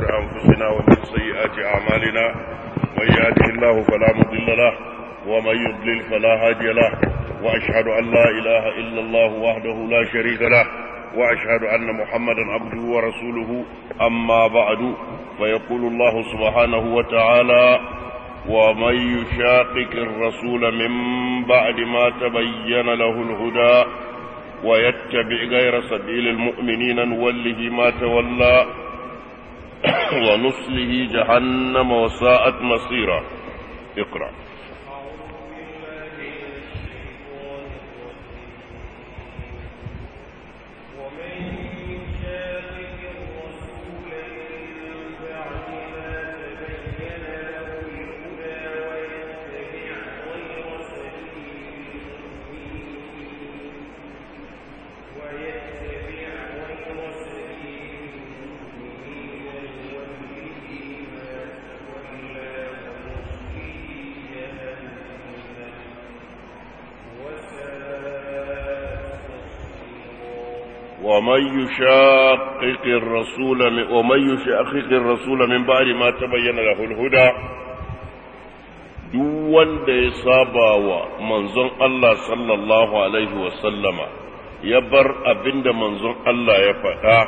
أنفسنا ومن سيئات أعمالنا من يهده الله فلا مضل له ومن يضلل فلا هادي له وأشهد أن لا إله إلا الله وحده لا شريك له وأشهد أن محمدا عبده ورسوله أما بعد فيقول الله سبحانه وتعالى ومن يشاقق الرسول من بعد ما تبين له الهدى ويتبع غير سبيل المؤمنين نوله ما تولى ونصله جهنم وساءت مصيرا اقرأ ومن يشاقق الرسول من ومن يشاقق الرسول من بعد ما duk wanda ya saba wa manzon Allah sallallahu alaihi ya bar abinda manzon Allah ya faɗa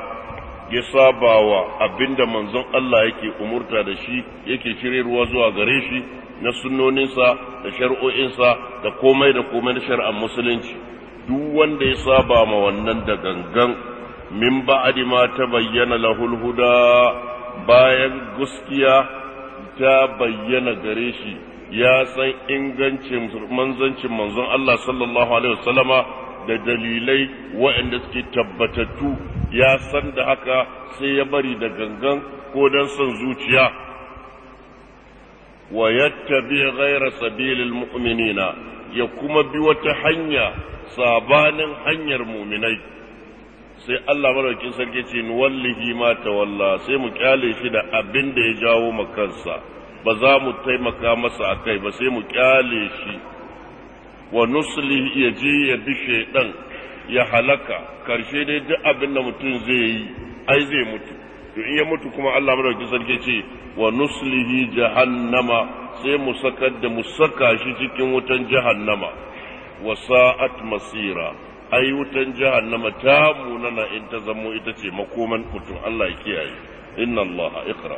ya saba abinda manzon Allah yake umurta da shi yake shirirwa zuwa gare shi na sunnoninsa da shari'o'insa da komai da komai na shari'ar musulunci duk wanda ya saba ma wannan da gangan min ba'di ma tabayyana lahul huda bayan gaskiya ta bayyana gare shi ya san ingancin manzancin manzon Allah sallallahu alaihi wasallama da dalilai waɗanda suke tabbatattu ya san da haka sai ya bari da gangan ko don son zuciya wa yattabi ghaira sabilil mu'minina ya kuma bi wata hanya sabanin hanyar muminai sai Allah madaukin sarki ce ni wallahi ma tawalla sai mu kyale shi da abin da ya jawo ma kansa ba za mu taimaka masa akai ba sai mu kyale shi wa nuslihi ya je ya bi shaidan ya halaka karshe dai duk abin da mutum zai yi ai zai mutu to in ya mutu kuma Allah madaukin sarki ce wa nuslihi jahannama sai mu sakar da mu saka shi cikin wutan jahannama wa sa'at masira ai wutan jahannama ta munana in ta zamo ita ce makoman mutum Allah ya kiyaye inna Allah iqra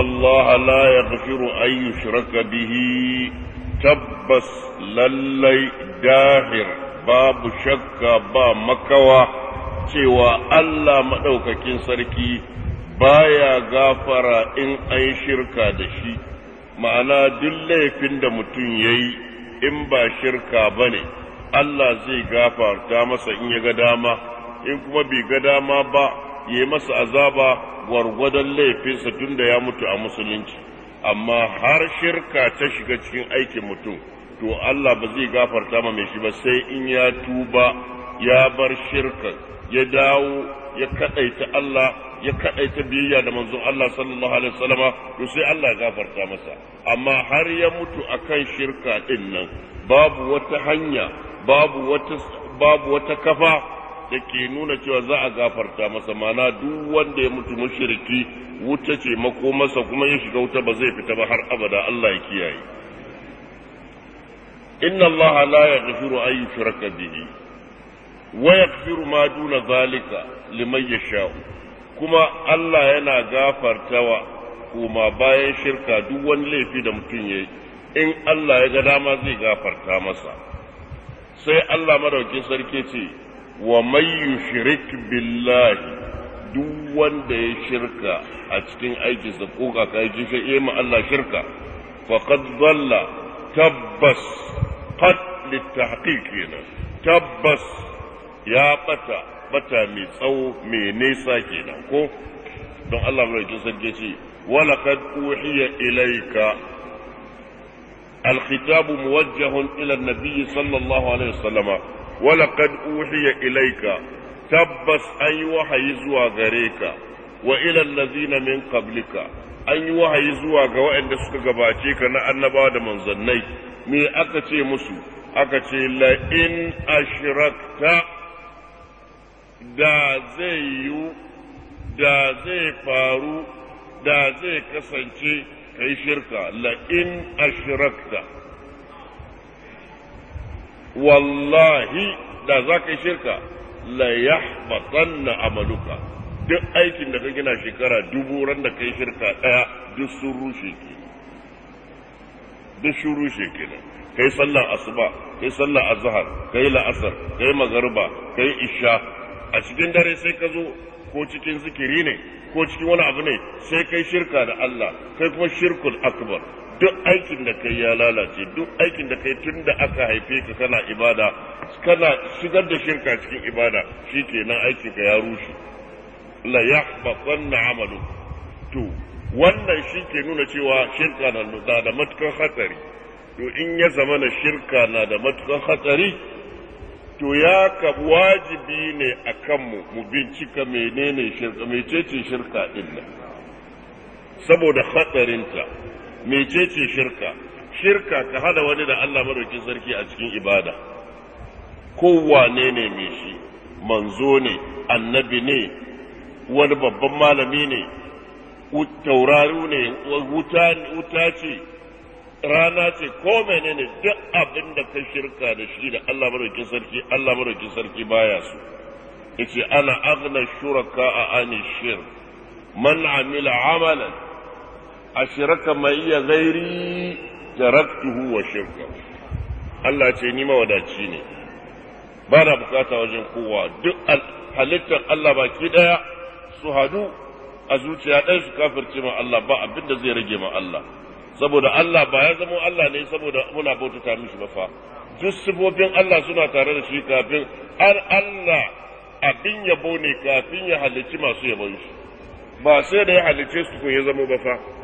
الله لا يغفر أن يشرك به تبس للي داهر باب شك با مكوى سوى ألا مدوككين سركي بايا غافر إن أي شركة دشي ma'ana duk laifin da mutum ya yi in ba shirka ba ne Allah zai gafarta masa in ya ga dama in kuma bai ga dama ba ya masa azaba gwargwadon laifinsa tunda ya mutu a musulunci amma har shirka ta shiga cikin aikin mutum to Allah ba zai gafarta ma mai shi ba sai in ya tuba ya bar shirka ya dawo ya kadaita Allah ya kadaita biyayya da manzon Allah sallallahu alaihi wasallama to sai Allah ya gafarta masa amma har ya mutu akan shirka din nan babu wata hanya babu wata babu wata kafa da ke nuna cewa za a gafarta masa mana duk wanda ya mutu mushriki wuta ce mako masa kuma ya shiga wuta ba zai fita ba har abada Allah ya kiyaye inna Allah la yaghfiru ay yushraka bihi wa yaghfiru ma duna zalika liman yasha kuma Allah yana gafartawa kuma bayan shirka duk wani laifi da mutum yayi in Allah ya ga dama zai gafarta masa sai Allah madauki sarki ce wa man yushrik billahi duk wanda ya shirka a cikin aikinsa ko kai shi sai ma Allah shirka faqad dhalla tabbas qad litahqiq yana tabbas ya bata bata mai tsawo mai nesa kenan ko don Allah bai ji sai ce walaqad uhiya ilayka الخطاب muwajjahun ila an صلى sallallahu alaihi wasallama ولقد أوحي إليك تبس أي وحي زوا غريك وإلى الذين من قبلك أي وحي زوا غوائن دسك غباتيك نأنا بعد منزني مي أكتي مسو أكتي لئن أشركت دا زيو دا زي فارو دا زي كسنشي كي شركة لئن أشركت wallahi da za ka yi shirka la yahbatanna amaluka duk aikin da ka gina shekara dubu ran da ka yi shirka ɗaya duk sun rushe ke duk sun rushe ke kai sallar asuba kai sallar azhar kai la'asar kai magariba kai isha a cikin dare sai ka zo ko cikin zikiri ne ko cikin wani abu ne sai kai shirka da Allah kai kuma shirkul akbar duk aikin da kai ya lalace duk aikin da kai tun da aka haife ka kana ibada kana shigar da shirka cikin ibada shi nan aikin ka ya rushe la na amalu to wannan shi ke nuna cewa shirka na da matukar hatsari to in ya zama na shirka na da matukar hatsari to ya ka wajibi ne a kanmu mu bincika menene shirka mecece shirka din nan saboda hatsarinta mecece shirka shirka ka hada wani da Allah madaukin sarki a cikin ibada kowane ne ne shi manzo ne annabi ne wani babban malami ne taurari ne wuta ce rana ce ko menene duk abin da ka shirka da shi da Allah madaukin sarki Allah madaukin sarki baya su yace ana aghna shuraka a ani shirk man amila amalan ashiraka iya zairi taraktuhu wa shirka Allah ce ni mawadaci ne ba na bukata wajen kowa duk halittar Allah baki daya su hadu a zuciya ɗaya su kafirce ma Allah ba abin zai rage ma Allah saboda Allah ba ya zama Allah ne saboda muna bautata mishi ba fa duk sifofin Allah suna tare da shi kafin har Allah abin yabo ne kafin ya halicci masu yabon shi ba sai da ya halicce su ko ya zama ba fa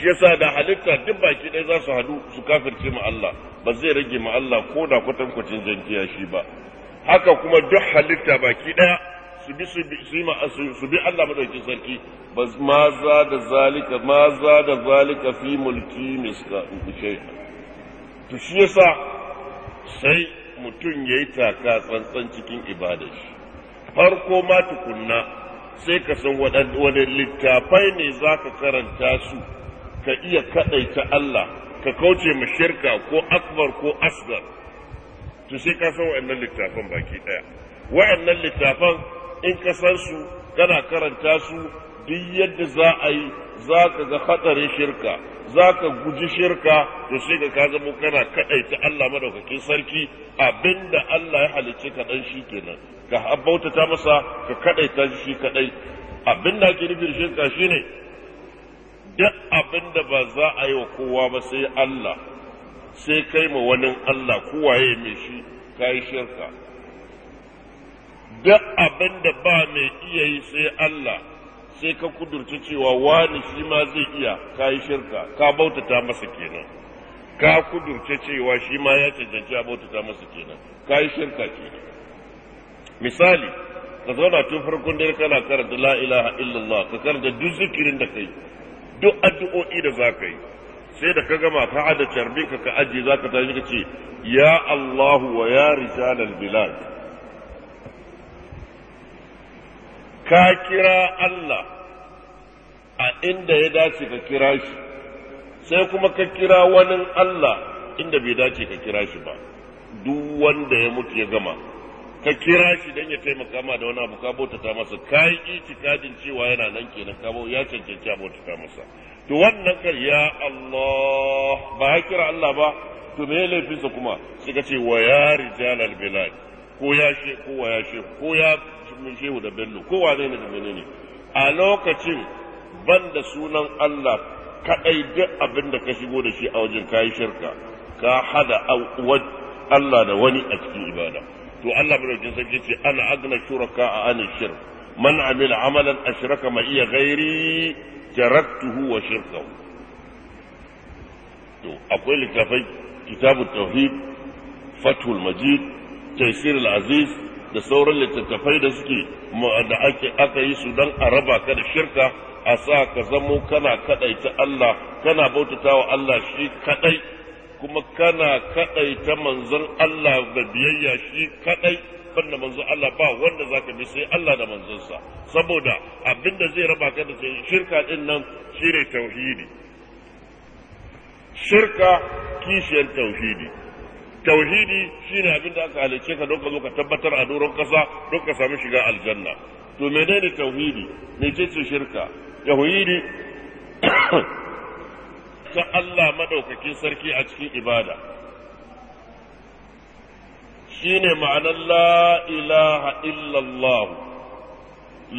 shi yasa da halitta duk baki ɗaya za su hadu su kafirce ma Allah ba zai rage ma Allah ko da kwatankwacin jankiya shi ba haka kuma duk halitta baki ɗaya su bi su bi Allah madaukakin sarki ba ma za da zalika ma za da zalika fi mulki miska shay to shi yasa sai mutum ya yi taka tsantsan cikin ibada shi farko ma tukunna sai ka san wadanne littafai ne zaka karanta su ka iya kaɗaita Allah ka kauce ma shirka ko akbar ko asgar to sai ka san wa'annan littafan baki ɗaya wa'annan littafan in ka san su kana karanta su duk yadda za a yi za ka ga hatsarin shirka za ka guji shirka to sai ka ka zama kana kaɗaita Allah madaukakin sarki abinda Allah ya halicce ka ɗan shi kenan ka bautata masa ka kaɗaita shi kaɗai abinda ke ake nufin shirka shine duk abin da ba za a yi wa kowa ba sai Allah sai kai ma wani Allah kowaye mai shi ka yi shirka duk abin da ba mai iya yi sai Allah sai ka kudurci cewa wani shi ma zai iya ka yi shirka ka bautata masa kenan ka kudurce cewa shi ma ya cancanci a bautata masa kenan ka yi shirka kenan misali ka zauna tun farkon dare kana karanta la ilaha illallah ka karanta duk zikirin da kai duk addu'o'i da za ka yi sai da ka gama ka ada carbi ka ka aje za ka tashi ka ce ya Allahu wa ya rijalal bilad ka kira Allah a inda ya dace ka kira shi sai kuma ka kira wani Allah inda bai dace ka kira shi ba duk wanda ya mutu ya gama ka kira shi don ya taimaka ma da wani abu ka bautata masa ka yi itikadin cewa yana nan kenan ka ya cancanci a bautata masa to wannan kan ya Allah ba ya kira Allah ba to me sa kuma sai ka ce wa ya rijalal bilad ko ya she ko wa ya she ko ya shehu da bello ko wa ne da menene a lokacin ban da sunan Allah kadai duk abin da ka shigo da shi a wajen kayi shirka ka hada Allah da wani a cikin ibada to Allah madaukin sarki ce ana agna shuraka a anil shirk man amila amalan ashraka ma iya ghairi jaraktuhu wa shirkahu to akwai littafai kitabut tauhid fathul majid taysir al-aziz da sauran littattafai da suke da ake aka yi su dan a raba ka da shirka a sa ka zamo kana kadaita Allah kana wa Allah shi kadai kuma kana kadai ta manzon Allah da biyayya shi kadai banda manzon Allah ba wanda zaka bi sai Allah da manzonsa saboda abinda zai raba ka da shirka din nan ne tauhidi shirka kishiyar tauhidi tauhidi shine ne abinda aka halice ka don ka zo ka tabbatar a doron ƙasa don ka samu shiga aljanna to menene tauhidi mecece shirka tauhidi ta Allah maɗaukakin sarki a cikin ibada shine ma'anar la ilaha illallah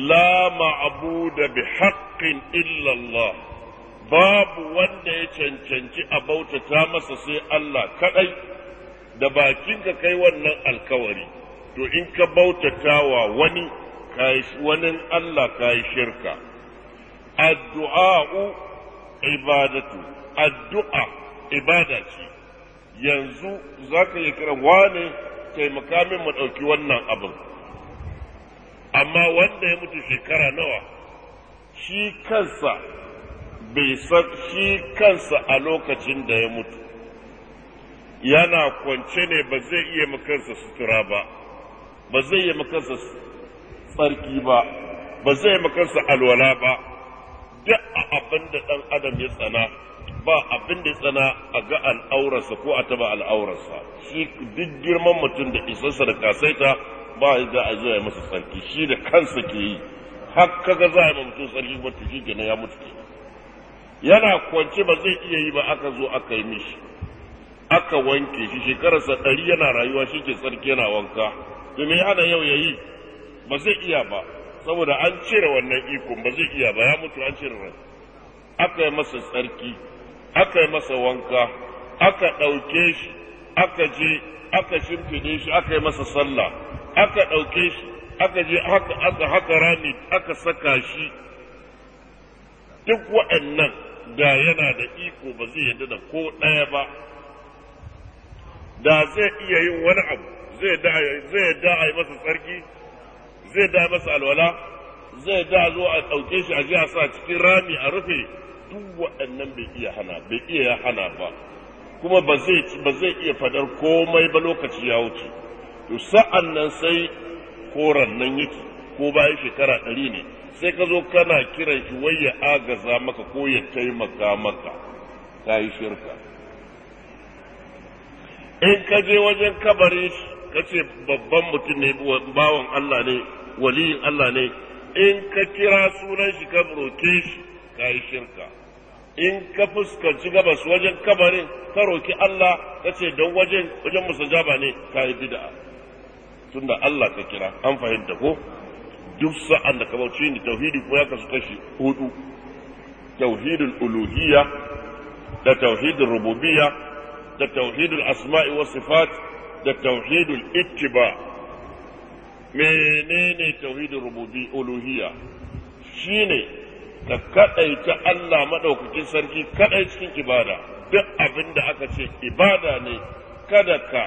la ma'abuda bi haqqin illallah babu wanda ya cancanci a bautata masa sai Allah kaɗai da bakin ka kai wannan alkawari to in ka bautatawa wani wani Allah ka yi shirka addu'a'u ibadatu addu'a ibada ce yanzu za ka yi kiran wane taimaka min mu ɗauki wannan abin amma wanda ya mutu shekara nawa shi kansa bai san shi kansa a lokacin da ya mutu yana kwance ne ba zai iya makansa sutura ba ba zai iya makansa tsarki ba ba zai makansa alwala ba duk abin da ɗan adam ya tsana ba abin da tsana a ga al'aurarsa ko a taba al'aurarsa shi duk girman mutum da isarsa da kasaita ba za a zo ya masa tsarki shi da kansa ke yi har kaga za a yi mutum sarki ba ta shi kenan ya mutu yana kwance ba zai iya yi ba aka zo aka yi mishi aka wanke shi shekararsa ɗari yana rayuwa shi ke tsarki yana wanka to me yau ya yi ba zai iya ba saboda an cire wannan ikon ba zai iya ba ya mutu an cire rai aka yi masa tsarki aka yi masa wanka aka ɗauke shi aka je aka shimfide shi aka yi masa sallah aka ɗauke shi aka je aka aka haka rami aka saka shi duk waɗannan da yana da iko ba zai yadda da ko ɗaya ba da zai iya yin wani abu zai da zai da a yi masa tsarki zai da masa alwala zai da zo a ɗauke shi a je a sa cikin rami a rufe duk waɗannan bai iya hana bai iya ya hana ba kuma ba zai iya fadar komai ba lokaci ya wuce to sa'an nan sai koran nan yake ko bayan shekara ɗari ne sai ka zo kana kiran shi wai ya agaza maka ko ya taimaka maka ta yi shirka in ka je wajen kabari ka ce babban mutum ne bawan Allah ne waliyin Allah ne in ka kira sunan shi ka roke shi ka yi shirka in ka fuskanci gabas wajen kabarin ka roki Allah ka ce don wajen wajen musajaba ne ka yi bid'a tunda Allah ka kira an fahimta ko duk sa'an da ka bauci ni tauhidi ko ya kasu kashi hudu tauhidul uluhiyya da tauhidul rububiyya da tauhidul asma'i wa sifat da tauhidul ittiba menene tauhidul rububiyya uluhiyya shine ka kaɗaita Allah maɗaukakin sarki kaɗai cikin ibada duk abin da aka ce ibada ne kada ka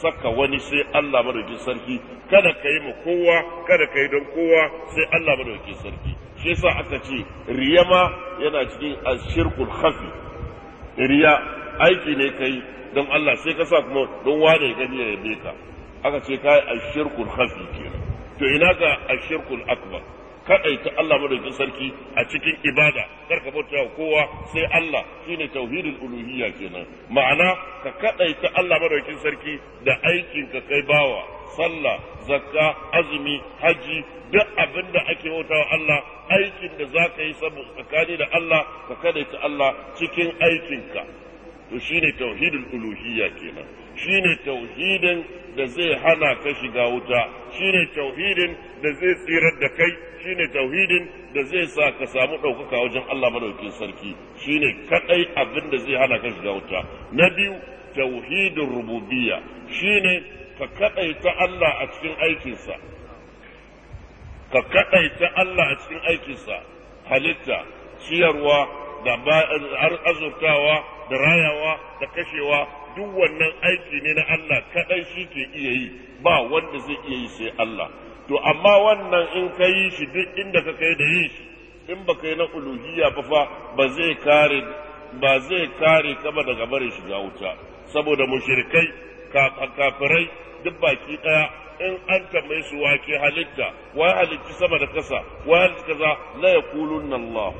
saka wani sai Allah maɗaukakin sarki kada ka yi ma kowa kada ka yi don kowa sai Allah maɗaukakin sarki shi yasa aka ce riya yana cikin ashirkul khafi riya aiki ne kai don Allah sai ka sa kuma don wane ya gani ya yabe ka aka ce kai ashirkul khafi kenan to ina ga ashirkul akbar kadaita Allah madaukakin sarki a cikin ibada kar ka bauta wa kowa sai Allah shine tauhidul uluhiyya kenan ma'ana ka kadaita Allah madaukakin sarki da aikin ka kai bawa sallah zakka azumi haji duk abin da ake bauta wa Allah aikin da za ka yi saboda tsakani da Allah ka kadaita Allah cikin aikinka to shine tauhidul uluhiyya kenan shine tauhidin da zai hana ka shiga wuta shine tauhidin da zai tsirar da kai shine tauhidin da zai sa ka samu ɗaukaka wajen Allah madaukin sarki shine kadai abin da zai hana ka shiga wuta na biyu tauhidin rububiyya shine ka kadaita Allah a cikin aikinsa ka kadaita Allah a cikin aikinsa halitta ciyarwa da azurtawa da rayawa da kashewa duk wannan aiki ne na Allah kaɗai shi ke iya yi ba wanda zai iya yi sai Allah to amma wannan in ka yi shi duk inda ka kai da yi shi in ba kai na uluhiyya ba fa ba zai kare ba zai kare ka ba daga barin shiga wuta saboda mushrikai kafirai duk baki daya in an tambaye su wake halitta wa halitta sama da kasa wa halitta kaza la yaqulunna Allah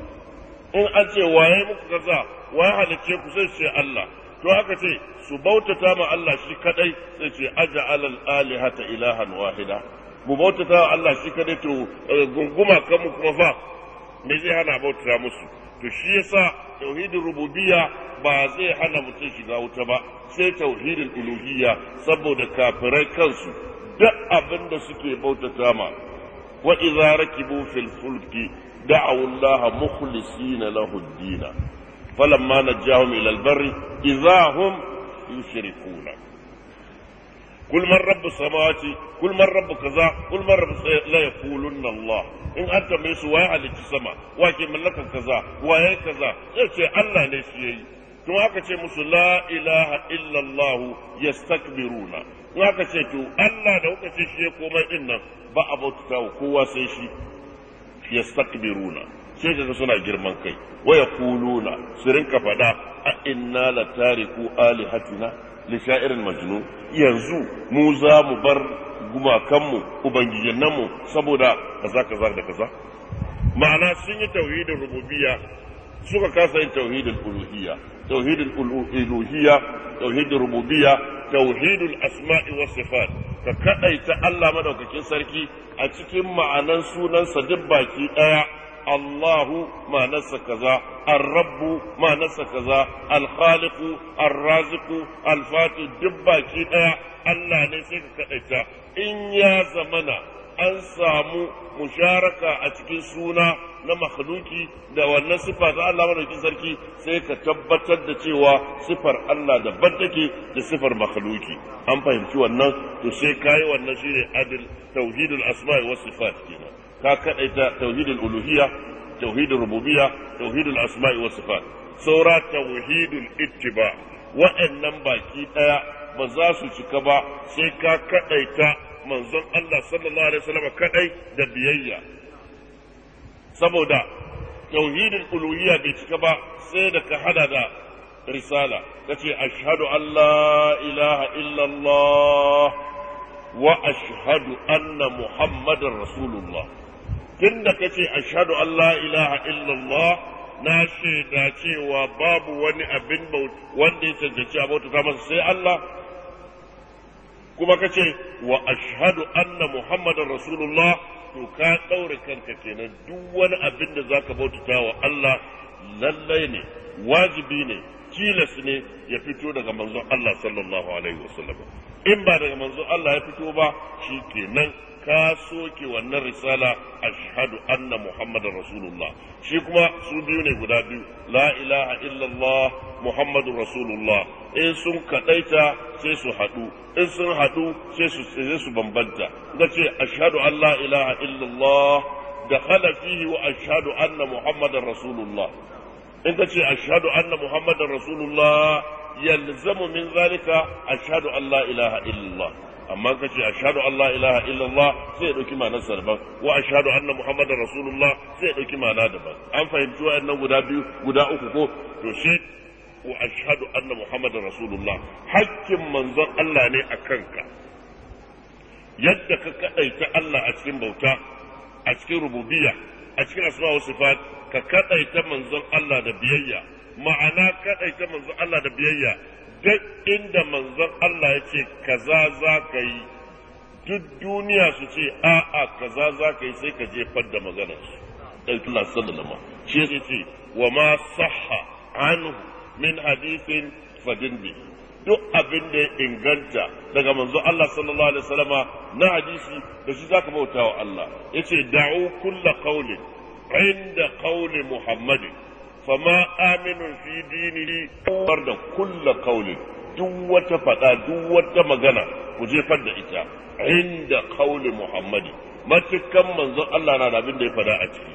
in an ce waye muku kaza wa halitta ku sai sai Allah to haka ce su bautata ma Allah shi kadai sai ce aj'al al-alihata ilahan wahida mu bautata Allah shi kadai to gunguma eh, kan mu kuma fa me zai hana bautata musu to shi yasa tauhidin rububiyya ba zai hana mutum shiga wuta ba sai tauhidin uluhiyya saboda kafirai kansu duk abin da suke bautata ma wa idza rakibu fil fulki da'u Allah mukhlisina lahu فلما نجاهم إلى البر إذا هم يشركون كل من رب السماوات كل من رب كذا كل من رب لا يقولن الله إن أنت ميسو واحد السماء واكي ملك كذا وهي كذا يسي الله ليش يي to aka ce musu la ilaha illallah yastakbiruna in aka ce to Allah da kuka ce shi komai din nan ba a bauta kowa sai shi yastakbiruna sai kaga suna girman kai waya kuluna su rinka fada a inna la tariku alihatina li sha'irin majnun yanzu mu za mu bar gumakanmu namu saboda kaza kaza da kaza ma'ana sun yi tauhidin rububiyya suka kasa yin tauhidin uluhiyya tauhidin uluhiyya tauhidin rububiyya tauhidul asma'i was sifat ka kadaita Allah madaukakin sarki a cikin ma'anan sunansa duk baki daya Allahu ma'anarsa kaza الرب ما نسى كذا الخالق الرازق الفاتح دبا كده الله نسيك كده إن يا زمنا an samu musharaka a cikin suna na makhluki da wannan sifa ta Allah madaukin sarki sai ka tabbatar da cewa sifar Allah daban take da sifar makhluki an fahimci wannan to sai kai wannan shine adil tauhidul asma'i was sifat kenan ka kadaita tauhidul uluhiyya tauhidul rububiyya tauhidul asma'i was sifat saura tauhidul ittiba wa'annan baki daya ba za su cika ba sai ka kadaita manzon Allah sallallahu alaihi wasallam kadai da biyayya saboda tauhidul uluhiyya bai cika ba sai da ka hada da risala kace ashhadu an ilaha illallah wa ashhadu anna muhammadar rasulullah tun da kace ashhadu an la ilaha illallah na shaida cewa babu wani abin bauta wanda ya cancanci a bauta masa sai Allah kuma kace wa ashhadu anna muhammadar rasulullah to ka daure kanka kenan duk wani abin da zaka bauta wa Allah lallai ne wajibi ne tilas ne ya fito daga manzon Allah sallallahu alaihi wasallam in ba daga manzon Allah ya fito ba shi kenan ka soke wannan risala ashhadu anna muhammadar rasulullah shi kuma su biyu ne guda biyu la ilaha illallah muhammadur rasulullah in sun kadaita sai su haɗu in sun haɗu sai su sai su bambanta da ce ashhadu an la ilaha illallah dakhala fihi wa ashhadu anna muhammadar rasulullah in ka ce ashhadu anna muhammadar rasulullah yalzamu min zalika ashhadu an la ilaha illallah amma ka ce ashadu allah ilaha illallah sai ɗauki ma'anar sa daban wa ashhadu anna muhammadar rasulullah sai ɗauki ma'ana daban an fahimci wa'annan guda biyu guda uku ko to shi wa ashhadu anna muhammadar rasulullah hakkin manzon Allah ne a kanka yadda ka kadaita Allah a cikin bauta a cikin rububiya a cikin asma'u sifat ka kadaita manzon Allah da biyayya ma'ana kadaita manzon Allah da biyayya duk inda manzon Allah ya ce kaza za ka yi duk duniya su ce a'a kaza za ka yi sai ka jefar da maganar su ɗauki ma shi ya ce wa ma sahha anhu min hadithin fadin duk abin da ya inganta daga manzo Allah sallallahu alaihi wasallama na hadisi da shi zaka bauta wa Allah yace da'u kulla qawlin inda qawli Muhammadin fama aminun fi dinihi bar da kulla kaulin duk wata faɗa duk wata magana ku jefar da ita inda kaulin muhammadi matukan manzon Allah na da abin da ya faɗa a ciki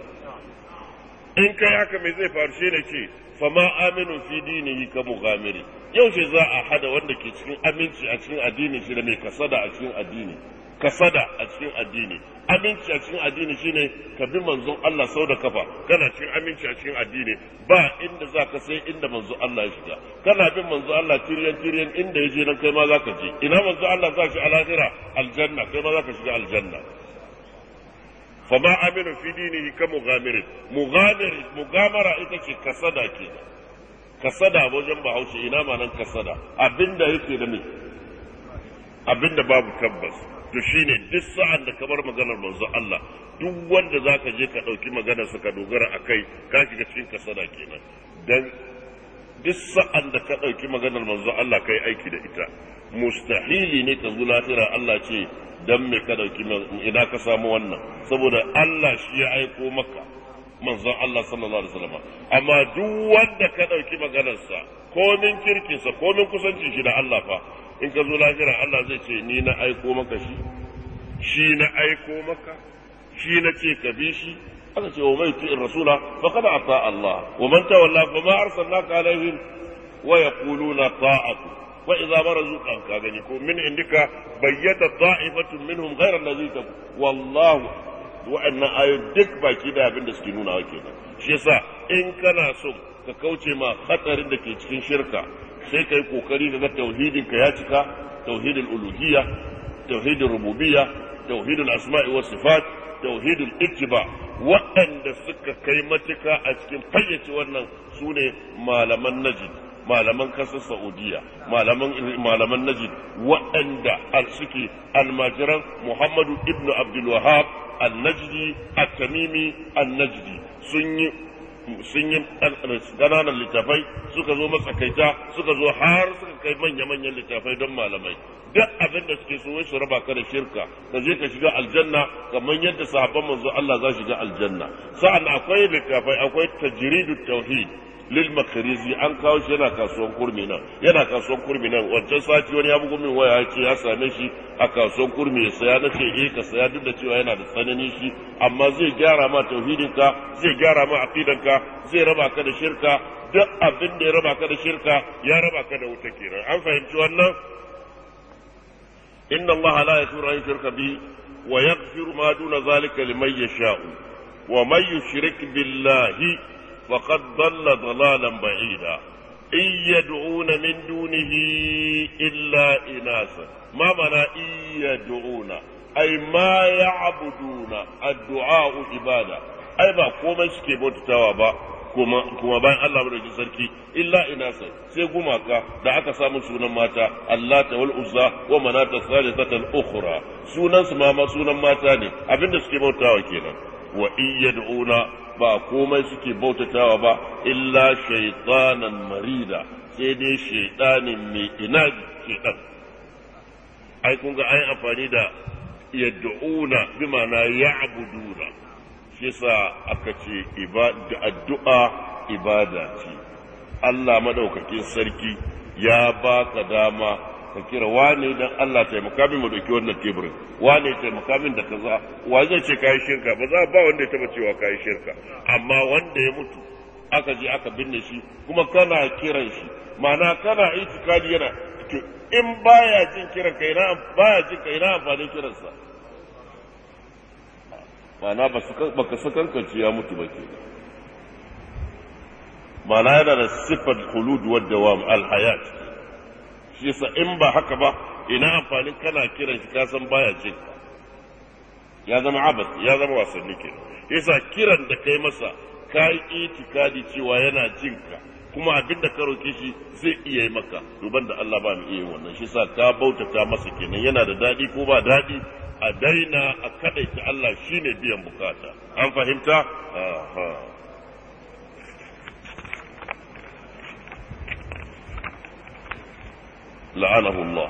in kai haka mai zai faru shi ne ce fama aminun fi dinihi ka mugamiri yaushe za a hada wanda ke cikin aminci a cikin addini shi da mai kasada a cikin addini kasada a cikin addini aminci a cikin addini shine ka bi manzon Allah sau da kafa kana cikin aminci a cikin addini ba inda za ka sai inda manzon Allah ya shiga kana bin manzon Allah tiriyan tiriyan inda ya je nan kai ma za ka je ina manzon Allah za shi lahira aljanna kai ma za ka shiga aljanna fama aminu fi dinihi ka mugamirin mugamirin mugamara ita ce kasada ke kasada wajen bahaushe ina ma nan kasada abinda yake da me abinda babu tabbas to shine duk sa'an da ka maganar manzo Allah duk wanda zaka je ka dauki maganar sa ka dogara akai ka shiga cikin kasada kenan dan duk sa'an da ka dauki maganar manzo Allah kai aiki da ita mustahili ne ka zo lahira Allah ce dan me ka dauki idan ka samu wannan saboda Allah shi ya aiko maka manzon Allah sallallahu alaihi wasallam amma duk wanda ka dauki maganar sa komin kirkinsa komin kusancin shi da Allah fa in ka zo lahira Allah zai ce ni na aiko maka shi shi na aiko maka shi na ce ka bi shi aka ce wa mai tu'in rasula faqad ata Allah wa man tawalla fa ma arsalnaka alaihim wa yaquluna ta'atu wa idza marazu kan ka gani ko min indika bayyata ta'ifatun minhum ghayra allazi tabu wallahu wa'annan ayoyi duk baki da abin da suke nuna wa kenan shi yasa in kana so ka kauce ma hatsarin da ke cikin shirka sai kai kokari ga tauhidin ka ya cika tauhidin uluhiyya tauhidin rububiyya tauhidin asma'i wa sifat tauhidin ittiba waɗanda suka kai matuka a cikin fayyace wannan sune malaman najid malaman kasar saudiya malaman najid waɗanda suke almajiran muhammadu ibnu abdulwahab al-najdi al-tamimi al-najdi sun yi sun yi ƙananan littafai suka zo matsakaita suka zo har suka kai manya-manyan littafai don malamai duk abin da suke so su raba ka da shirka ka je ka shiga aljanna kamar yadda sahabban manzo Allah za shiga aljanna sa'an akwai littafai akwai tajridu tauhid lil makarizi an kawo shi yana kasuwan kurmi nan yana kasuwan kurmi nan wancan sati wani ya bugu min waya ce ya same shi a kasuwan kurmi ya saya na ce eh ka saya duk da cewa yana da tsanani shi amma zai gyara ma ka zai gyara ma ka zai raba ka da shirka duk abin da ya raba ka da shirka ya raba ka da wuta kenan an fahimci wannan inna allaha la yaghfiru an yushraka bi wa yaghfiru ma duna zalika liman yasha'u wa man yushrik billahi وقد ضل ضلالا بعيدا إن يدعون من دونه إلا إناسا ما معنى إن يدعون أي ما يعبدون الدعاء عبادة أي ما كوما شكي بوتتاوا kuma bayan Allah madaukakin sarki ila ina sai sai gumaka da aka samu sunan mata Allah ta wal uzza wa manata thalithata al ukhra sunan su ma sunan mata ne abinda suke bautawa kenan wa iyyaduna ba komai suke bautatawa ba illa shaitanan marida sai dai shaitanin mai ina shaitan ai kun ga ai amfani da yad'una bi ma'ana ya'buduna shi sa aka ce addu'a ibada ce Allah madaukakin sarki ya baka dama ka kira wane dan Allah taimaka min mu dauki wannan teburin wane taimaka min da kaza wa zai ce kai shirka ba za ba wanda ya taba cewa kai shirka amma wanda ya mutu aka je aka binne shi kuma kana kiran shi ma'ana kana itikadi yana in baya jin kiran ka ina baya jin ka ina amfanin sa ma'ana baka sakankance ya mutu ba ke? ma'ana yana da sifar khulud wa dawam al hayat in ba haka ba ina amfanin kana kiran shi ka baya jin ya zama abad ya zama wasanni ke yasa kiran da kai masa ka yi itikadi cewa yana jin ka kuma abin da ka roke shi zai iya yi maka duban da Allah ba mu iya yin wannan shi yasa ka bautata masa kenan yana da dadi ko ba dadi a daina a kadaita Allah shine biyan bukata an fahimta لعنه الله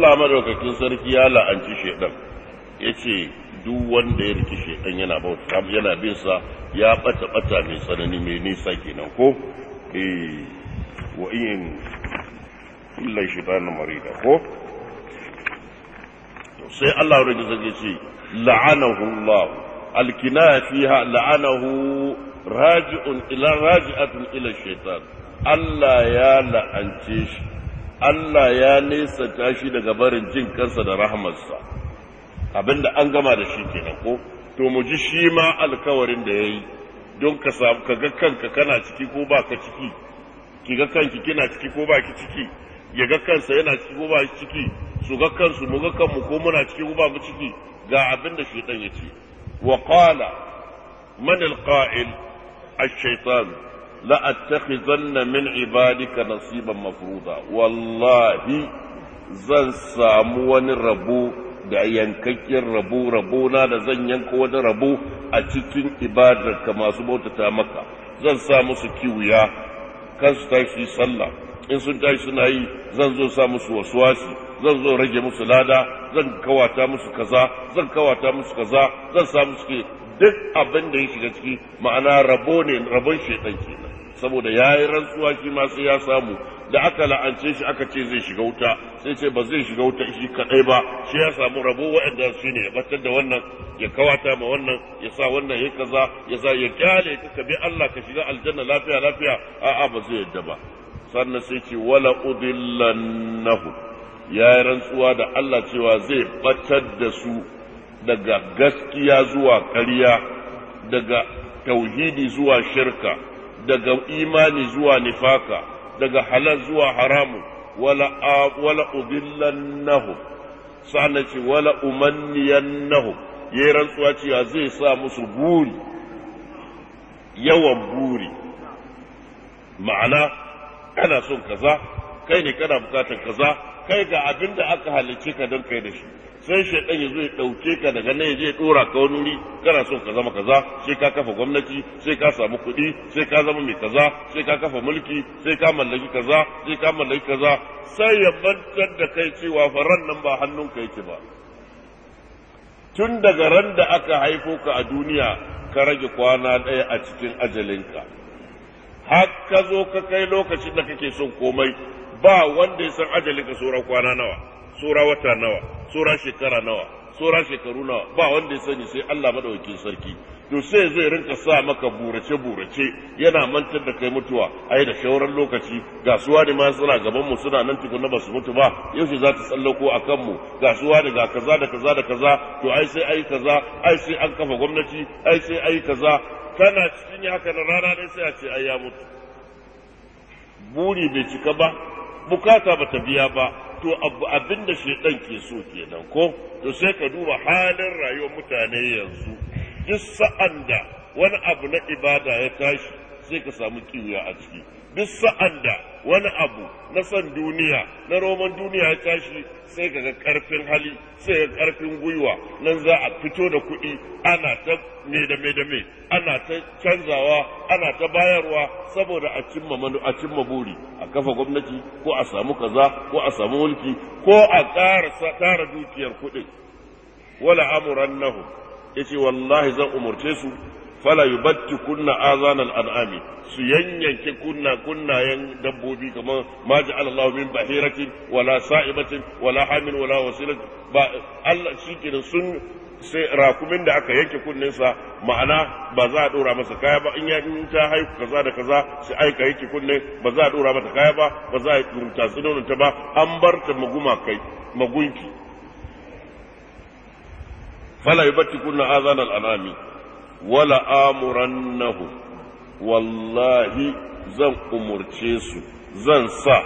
Allah madaukakin sarki ya la'anci shedan yace duk wanda ya riki shedan yana bauta yana bin sa ya bata bata mai tsanani mai nisa kenan ko eh wa in illa shedan marida ko to sai Allah ya zage ce la'anahu Allah alkina fiha la'anahu raji'un ila raji'atun ila shaytan Allah ya la'ance shi Allah ya nesa tashi daga barin jin kansa da rahamarsa abinda an gama da shi kenan ko to mu ji shi ma alkawarin da yayi don ka samu ka ga kanka kana ciki ko ba ka ciki ki ga kanki kina ciki ko ba ki ciki ya ga kansa yana ciki ko ba ciki su ga kansu mu ga kanmu ko muna ciki ko ba mu ciki ga abin da shaitan ya ce wa qala man alqa'il ash-shaytan la'attakhizanna min ibadika nasiban mafruda wallahi zan samu wani rabo da yankakken rabo rabona na da zan yanka wani rabo a cikin ibadarka masu bautata maka zan sa musu kiwuya kan su tashi sallah in sun tashi suna yi zan zo sa musu waswasi zan zo rage musu lada zan kawata musu kaza zan kawata musu kaza zan sa musu ke duk abin da ya shiga ciki ma'ana rabo ne rabon shedan kenan saboda ya yi rantsuwa shi ma sai ya samu da aka la'ance shi aka ce zai shiga wuta sai ce ba zai shiga wuta shi kadai ba shi ya samu rabo waɗanda shi ne ya batar da wannan ya kawata ma wannan ya sa wannan ya kaza ya sa ya kyale ka ka bi Allah ka shiga aljanna lafiya lafiya a'a ba zai yadda ba sannan sai ce wala udillannahu ya yi rantsuwa da Allah cewa zai batar da su daga gaskiya zuwa ƙarya daga tauhidi zuwa shirka daga imani zuwa nifaka daga halal zuwa haramu wala wala sa'annan ce wala ya yayi rantsuwa cewa zai sa musu buri yawan buri ma'ana kana son kaza kai ne kana bukatar kaza kai ga abin da aka halicce ka don kai da shi sai shaidan ya zo ya ɗauke ka daga nan ya je dora ka wani wuri kana so ka zama kaza sai ka kafa gwamnati sai ka samu kuɗi sai ka zama mai kaza sai ka kafa mulki sai ka mallaki kaza sai ka mallaki kaza sai ya mantar da kai cewa faran nan ba hannun ka yake ba tun daga ran da aka haifo ka a duniya ka rage kwana ɗaya a cikin ajalinka har ka zo ka kai lokacin da kake son komai ba wanda ya san ajalinka sauran kwana nawa tsura wata nawa tsura shekara nawa tsura shekaru nawa ba wanda ya sani sai Allah madaukakin sarki to sai zai rinka sa maka burace burace yana mantar da kai mutuwa ai da shauran lokaci ga suwa ne ma suna gaban mu suna nan tukunna ba su mutu ba yaushe za ta tsallako a kan mu ga suwa ne ga kaza da kaza da kaza to ai sai ai kaza ai sai an kafa gwamnati ai sai ai kaza kana cikin haka na rana ne sai a ce ai ya mutu buri bai cika ba bukata ba ta biya ba to abin da shaidan ke so kenan ko to sai ka duba halin rayuwar mutane yanzu duk sa'an da wani abu na ibada ya tashi sai ka samu kiwiya a ciki duk sa'an da wani abu na son duniya na roman duniya ya tashi sai kaga karfin hali sai ga karfin gwiwa nan za a fito da kuɗi ana ta me da me da me ana ta canzawa ana ta bayarwa saboda a cimma manu a cimma buri a kafa gwamnati ko a samu kaza ko a samu mulki ko a ƙara tara dukiyar kuɗi. wala amuran nahu yace wallahi zan umurce su fala yubatti kunna azanan al'ami su yanyanke kunna kunnayen dabbobi kamar ma ja'ala Allah min bahiratin wala sa'ibatin wala hamin wala wasilatin ba Allah da sun sai rakumin da aka yanke kunninsa ma'ana ba za a dora masa kaya ba in ya ta haihu kaza da kaza sai aika yanke kunne ba za a dora mata kaya ba ba za a turta su ta ba an bar ta maguma kai magunki fala yubatti kunna azanan al'ami. wala nahu, wallahi zan umurce su zan sa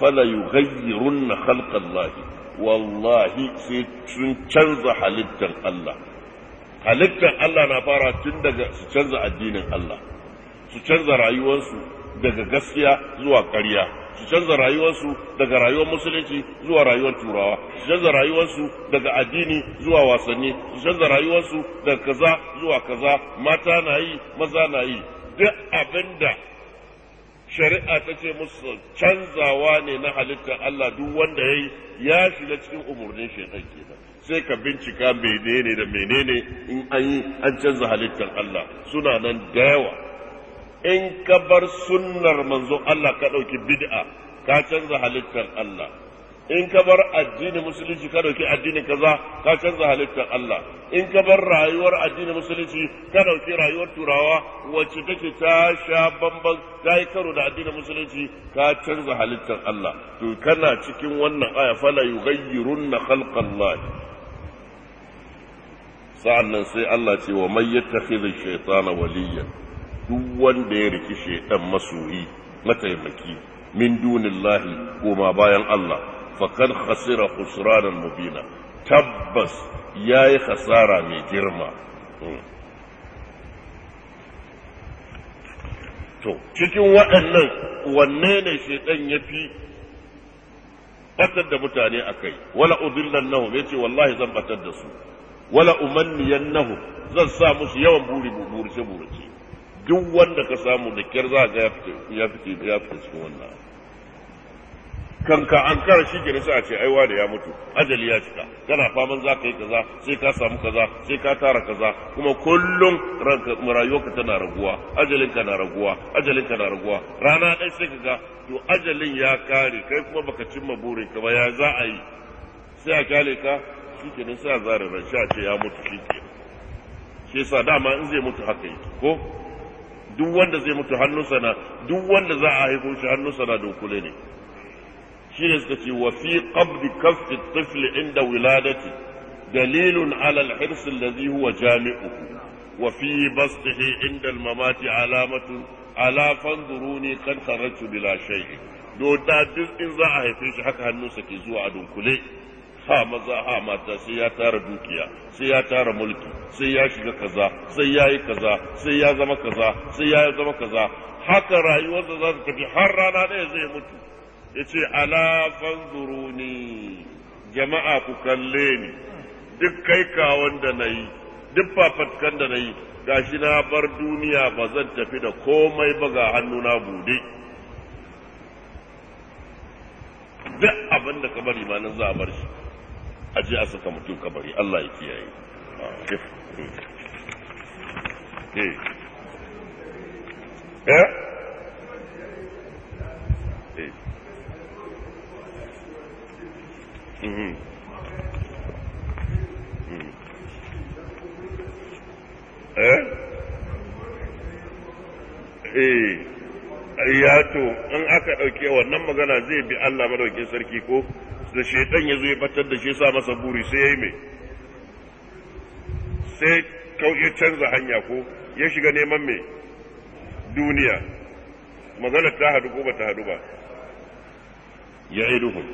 fala yughayyirunna khalqallahi wallahi sai sun canza halittar Allah halittar Allah na fara tun daga su canza addinin Allah su canza rayuwarsu daga gaskiya zuwa ƙarya su canza rayuwarsu daga rayuwar musulunci zuwa rayuwar turawa su canza rayuwarsu daga addini zuwa wasanni su canza rayuwarsu daga kaza zuwa kaza mata na yi maza na yi duk abin da shari'a ta ce musu canzawa ne na halittar Allah duk wanda ya yi ya shiga cikin umarnin shaitan kenan sai ka bincika menene da menene in an yi an canza halittar Allah suna nan da yawa in ka bar sunnar manzon Allah ka ɗauki bid'a ka canza halittar Allah in ka bar addinin musulunci ka ɗauki addinin kaza ka canza halittar Allah in ka bar rayuwar addinin musulunci ka ɗauki rayuwar turawa wacce take ta sha bamban ta yi karo da addinin musulunci ka canza halittar Allah to kana cikin wannan aya fala na khalqallahi sa'an nan sai Allah ce wa mai yattakhidhi shaytana waliyan duk wanda ya riki ɗan masoyi mataimaki min lahi, koma bayan Allah faqad khasira khusranan mubina tabbas yayi khasara mai girma hmm. to cikin waɗannan wanne ne shaidan yafi batar da mutane a kai, wala udillannahum yace wallahi zan batar da su wala nahu, zan sa musu yawan buri burce burace duk wanda ka samu da kyar za ga ya fice ya cikin wannan kanka an kara shi ke nisa a ce aiwa da ya mutu ajali ya cika kana faman za ka yi kaza sai ka samu kaza sai ka tara kaza kuma kullum rayuwarka tana raguwa ajalinka na raguwa ajalinka na raguwa rana ɗaya sai ka ga to ajalin ya kare kai kuma baka cimma burin ka ba ya za a yi sai a kyale ka shi ke nisa a ran sha ce ya mutu shi ke shi dama in zai mutu haka yi ko duk wanda zai mutu hannunsa sana duk wanda za a haifo shi hannunsa sana dunkule ne shi ne suka ce wa fi qabdi kaffi tifli inda wiladati dalilun ala al-hirs alladhi huwa wa fi bastihi inda al-mamati alamatu ala fanzuruni qad kharajtu bila shay'in do da duk in za a haife shi haka hannunsa ke zuwa a dunkule ha maza ha mata sai ya tara dukiya sai ya tara mulki sai ya shiga kaza sai ya yi kaza sai ya zama kaza sai ya zama kaza haka rayuwarsa za tafi har rana ɗaya zai mutu ya ce ala fanzuruni jama'a ku kalle ni duk kai kawon da na yi duk fafatkan da na yi gashi na bar duniya ba zan tafi da komai ba ga hannuna bude. duk abinda ka bari ma nan za a bar shi a je a saka mutum kabari Allah ya kiyaye eh? mhm. Mhm. Eh? Eh. ya to in aka ɗauke wannan magana zai bi Allah madaukin sarki ko da shaitan ya zo ya batar da shi ya sa masa buri sai ya yi mai sai ya canza hanya ko ya shiga neman mai duniya maganar ta hadu ko ba ta hadu ba ya iduhun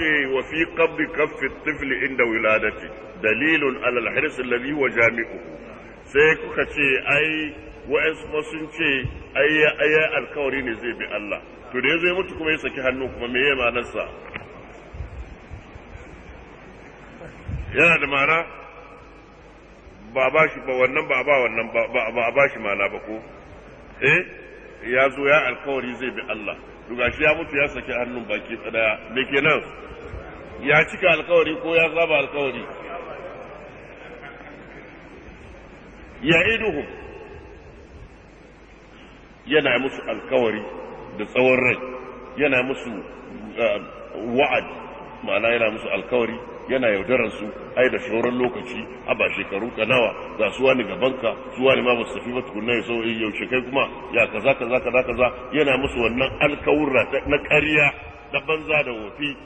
ce wa fi qabdi kaffi tifli inda wiladati dalilun alal hirs alladhi huwa jami'u sai kuka ce ai wa'ansu sun ce ai ya alkawari ne zai bi Allah to da yazo ya mutu kuma ya saki hannu kuma me yayi ma'anarsa yana da mara ba ba shi ba wannan ba ba wannan ba ba ba shi ma'ana ba ko eh ya zo ya alkawari zai bi Allah to gashi ya mutu ya saki hannun baki daya me kenan ya cika alkawari ko ya zaba alkawari ya iduhu yana musu alkawari da tsawon rai yana musu uh, wa'adi ma'ana yana musu alkawari yana yaudarar su ai da shoron lokaci a ba shekaru ka nawa ga su wani gaban ka su wani ma ba su tafi ba tukunna ya sau yaushe kai kuma ya kaza kaza kaza kaza yana musu wannan alkawura na ƙarya na banza da wofi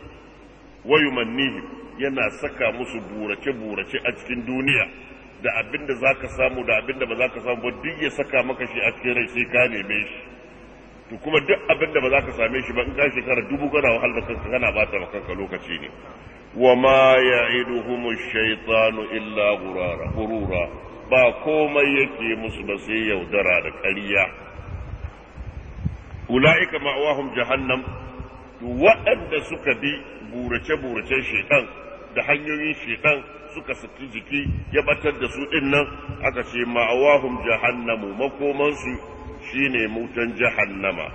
wayu mannihi yana saka musu burace burace a cikin duniya da abinda zaka samu da abinda ba ka samu ba duk ya saka maka shi a cikin rai sai ka neme shi to kuma duk abin da ba za ka same shi ba in ka shekara dubu kana halba kanka kana bata ta kanka lokaci ne wa ma ya humu shaitanu illa gurara ghurura ba komai yake musu ba sai yaudara da ƙarya ula'ika ma'awahum jahannam waɗanda suka bi burace burace shaitan da hanyoyin shaitan suka saki jiki ya batar da su ɗin nan aka ce ma'awahum jahannamu makomansu shine mutan jahannama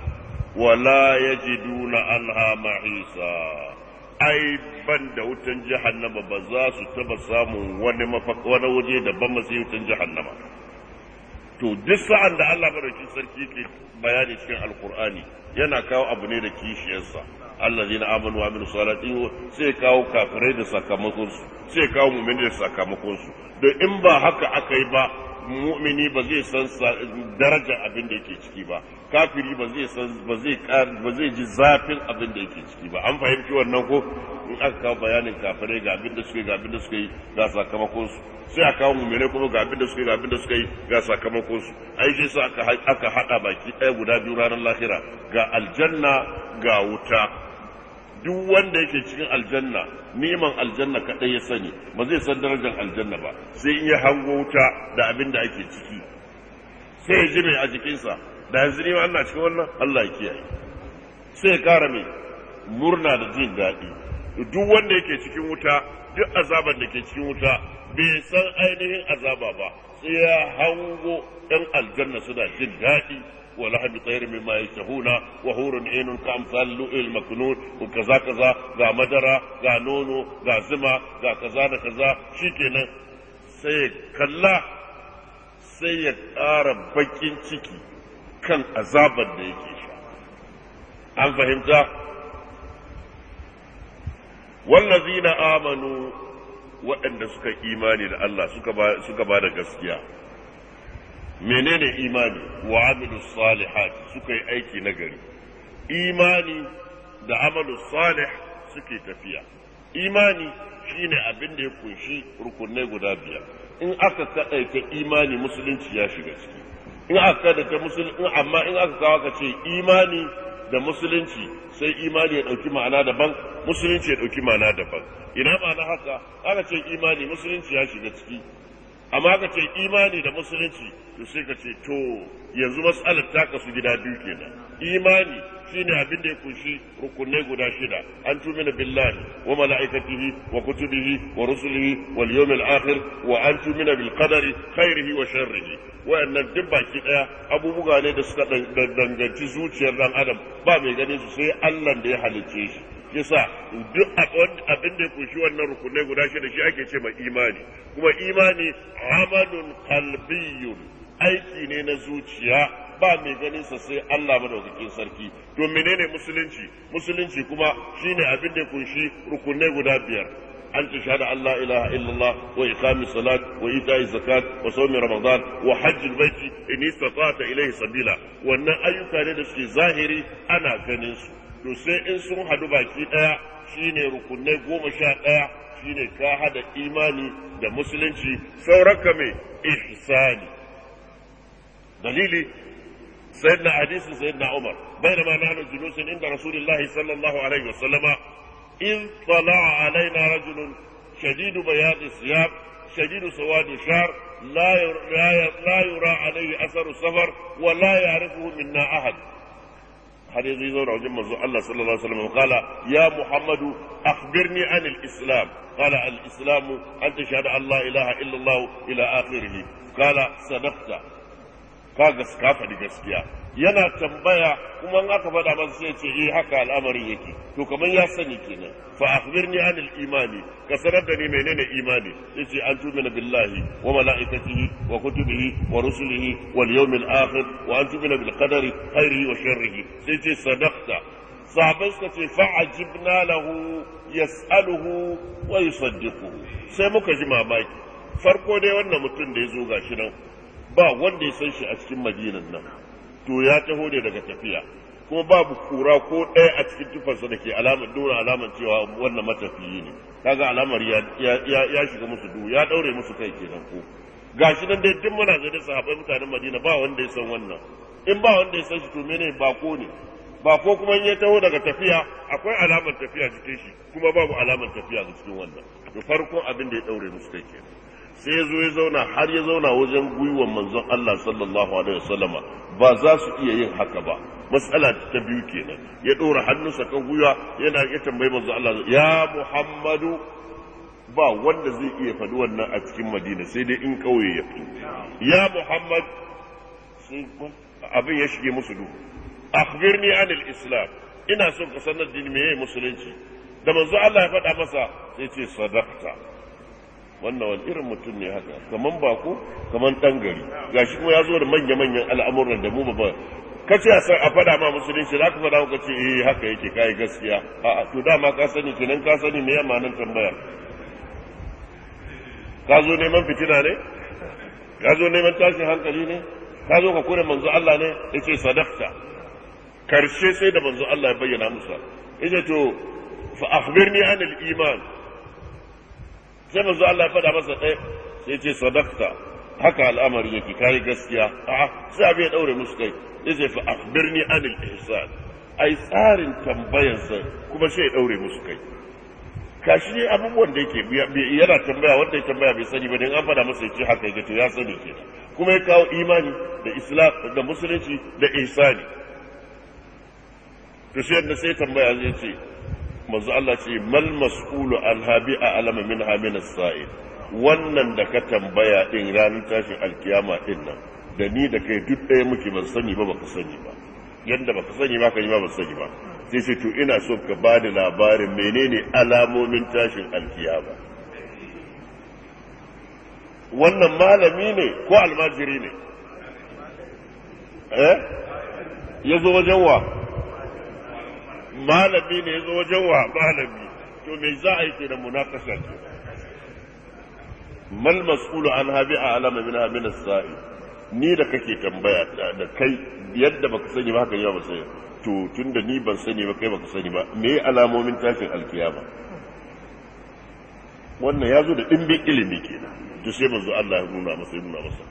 wala yajiduna anha Isa ai ban da wutan jahannama ba za su taba samun wani mafaka wani waje daban masu wutan jahannama to duk sa'an da Allah madaukakin sarki ke bayani cikin alkur'ani yana kawo abu ne da kishiyarsa allazina amanu wa aminu salati sai kawo kafirai da sakamakonsu sai kawo mu'mini da sakamakonsu don in ba haka aka ba mu'mini ba zai san daraja abin da yake ciki ba kafiri ba zai san ba zai ba zai ji zafin abin da yake ciki ba an fahimci wannan ko in aka kawo bayanin kafirai ga abin da suke ga abin da suke yi ga sakamakon su sai aka kawo mu'mini kuma ga abin da suke ga abin da suke yi ga sakamakon su ai sai sa aka aka hada baki ɗaya guda biyu ranar lahira ga aljanna ga wuta duk wanda yake cikin aljanna niman aljanna kaɗai ya sani ba zai san darajar aljanna ba sai in ya hango wuta da abin da ake ciki sai ya ji mai a jikinsa da yanzu ne Allah cikin wannan Allah ya kiyaye sai ya kara mai murna da jin daɗi duk wanda yake cikin wuta duk azaban da ke cikin wuta bai san ainihin azaba ba sai ya hango ɗan aljanna suna jin daɗi ولحم طير مما يشتهون وحور عين kaza-kaza المكنون وكذا كذا nono مدرة zuma نونو kaza زما kaza كذا كذا شيكينا sai kalla sai ya ƙara baƙin ciki kan azaban da yake sha an fahimta wallazina amanu waɗanda suka imani da Allah suka ba da gaskiya menene imani wa amilu salihat suka yi aiki na gari imani da amalu salih suke tafiya imani shine abin da ya kunshi rukunai guda biyar in aka kaɗaita imani musulunci ya shiga ciki in aka ta musulunci amma in aka kawo ka ce imani da musulunci sai imani ya ɗauki ma'ana daban musulunci ya ɗauki ma'ana daban ina ma'ana haka aka ce imani musulunci ya shiga ciki amma ka ce imani da musulunci to sai ka ce to yanzu matsalar ta kasu gida biyu kenan imani shine abin da ya kunshi rukunai guda shida an tumina billahi wa mala'ikatihi wa kutubihi wa rusulihi wal yawmil akhir wa an tumina bil qadari khairihi wa sharrihi wayannan duk baki daya abubuwa ne da suka danganci zuciyar dan adam ba mai ganin su sai Allah da ya halicce shi yasa duk abin da ya kunshi wannan rukunai guda shida shi ake ce mai imani kuma imani amalun qalbiyyun aiki ne na zuciya ba mai ganin sa sai Allah madaukakin sarki to menene musulunci musulunci kuma shine abin da ya kunshi rukunai guda biyar أن تشهد أن لا إله إلا الله وإقام الصلاة وإيتاء الزكاة وصوم رمضان وحج البيت إن استطعت إليه سبيلا وأن أيك zahiri ظاهري أنا su to sai in sun hadu baki ɗaya shine rukunai goma sha ɗaya shine ka hada imani da musulunci sauraka mai ihsani dalili sayyidina hadisi sayyidina umar bainama da julusin inda rasulillahi sallallahu alaihi wasallama in tsala alaina rajulun shadidu bayadi siyab shadidu sawadu shar la yura alaihi asaru safar wa la ya'rifuhu minna ahad hadisi zai zauna wajen manzo Allah sallallahu alaihi wasallam kala ya Muhammadu akhbirni an al-islam kala al-islam an tashhadu an la ilaha illa Allah ila akhirih kala sadaqta ka gaskafa faɗi gaskiya yana tambaya kuma in aka faɗa masa sai ce eh haka al'amarin yake to kamar ya sani kenan fa akhbirni anil imani ka sanar da ni menene imani yace an na billahi wa malaikatihi wa kutubihi wa rusulihi wal yawmil akhir wa an tumina bil qadari khairihi wa sharrihi sai ce sadaqta sahabbai suka ce fa'ajibna lahu yas'aluhu wa yusaddiquhu sai muka ji mamaki farko dai wannan mutum da ya zo gashi nan ba wanda ya san shi a cikin madinan nan to ya taho ne daga tafiya ko babu kura ko ɗaya a cikin tufarsa da ke alamar dora alamar cewa wannan matafiyi ne kaga alamar ya shiga musu duhu ya ɗaure musu kai kenan ko gashi nan dai duk muna zai sahabbai mutanen Madina ba wanda ya san wannan in ba wanda ya san shi to mene bako ne bako kuma in ya taho daga tafiya akwai alamar tafiya cikin shi kuma babu alamar tafiya cikin wannan to farkon abin da ya ɗaure musu kai kenan sai ya zo ya zauna har ya zauna wajen gwiwan manzon Allah sallallahu alaihi wasallama ba za su iya yin haka ba matsala ta biyu kenan ya ɗora hannunsa kan gwiwa yana iya tambayi manzon Allah ya Muhammadu ba wanda zai iya faɗi wannan a cikin Madina sai dai in kauye ya fito ya Muhammad abin ya shige musu duhu akhbirni anil islam ina son ka sanar da meye musulunci da manzon Allah ya faɗa masa sai ce sadaqta wannan wani irin mutum ne haka kaman bako kaman dan gari gashi kuma ya zo da manya-manyan al'amuran da mu ba ka ce a faɗa ma musulunci za ka fada ka ce eh haka yake kai gaskiya a to dama ka sani kenan ka sani me yamma nan tambaya ka zo neman fitina ne ka zo neman tashin hankali ne ka zo ka kore manzo Allah ne yace sadaqta karshe sai da manzo Allah ya bayyana musa yace to fa akhbirni an al-iman sai manzo Allah ya faɗa masa ɗaya sai ce sadakta haka al'amari yake kai gaskiya a'a sai abin ya daure musu kai ce fa akhbirni anil ihsan ai tsarin sa kuma sai ya daure musu kai kashi ne abubuwan da yake yana tambaya wanda ya tambaya bai sani ba dan an faɗa masa yace haka yake to ya sani ke kuma ya kawo imani da islam da musulunci da ihsani to sai da sai tambaya yace manzo Allah ce mal mas'ulu alhabi a alama min hamina sa'id wannan da ka tambaya din ranar tashin alkiyama din nan da ni da kai duk ɗaya muke ban sani ba baka sani ba yadda baka sani ba kai ma ban sani ba sai ce to ina so ka ba da labarin menene alamomin tashin alkiyama wannan malami ne ko almajiri ne eh ya zo wajen wa malami ne ya zo wajen wa malami to me za a yi ke da munakasha ke mal mas'ulu an habi a alama min amin sa'i ni da kake tambaya da kai yadda baka sani ba haka yi ba sai to tunda ni ban sani ba kai baka sani ba me alamomin tashin alkiyama wannan ya zo da ɗimbin ilimi kenan to sai manzo Allah ya nuna masa ya nuna masa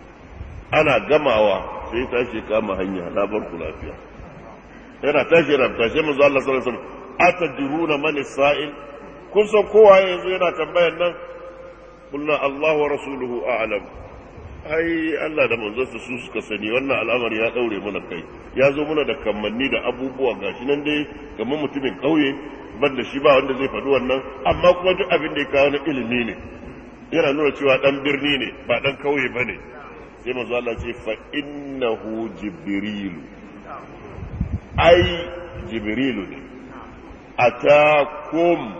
ana gamawa sai tashi kama hanya na bar ku lafiya yana tashi rabta shi manzo Allah sallallahu alaihi wasallam atadruna man sa'il kun san kowa yanzu yana tambayan nan kullu Allah wa rasuluhu a'lam ai Allah da manzo su suka sani wannan al'amari ya daure mana kai ya zo mana da kammanni da abubuwa gashi nan dai kamar mutumin kauye da shi ba wanda zai faɗi wannan amma kuma duk abin da ya kawo na ilimi ne yana nuna cewa dan birni ne ba dan kauye bane sai manzo Allah ce fa innahu jibrilu ai jibrilu ne atakum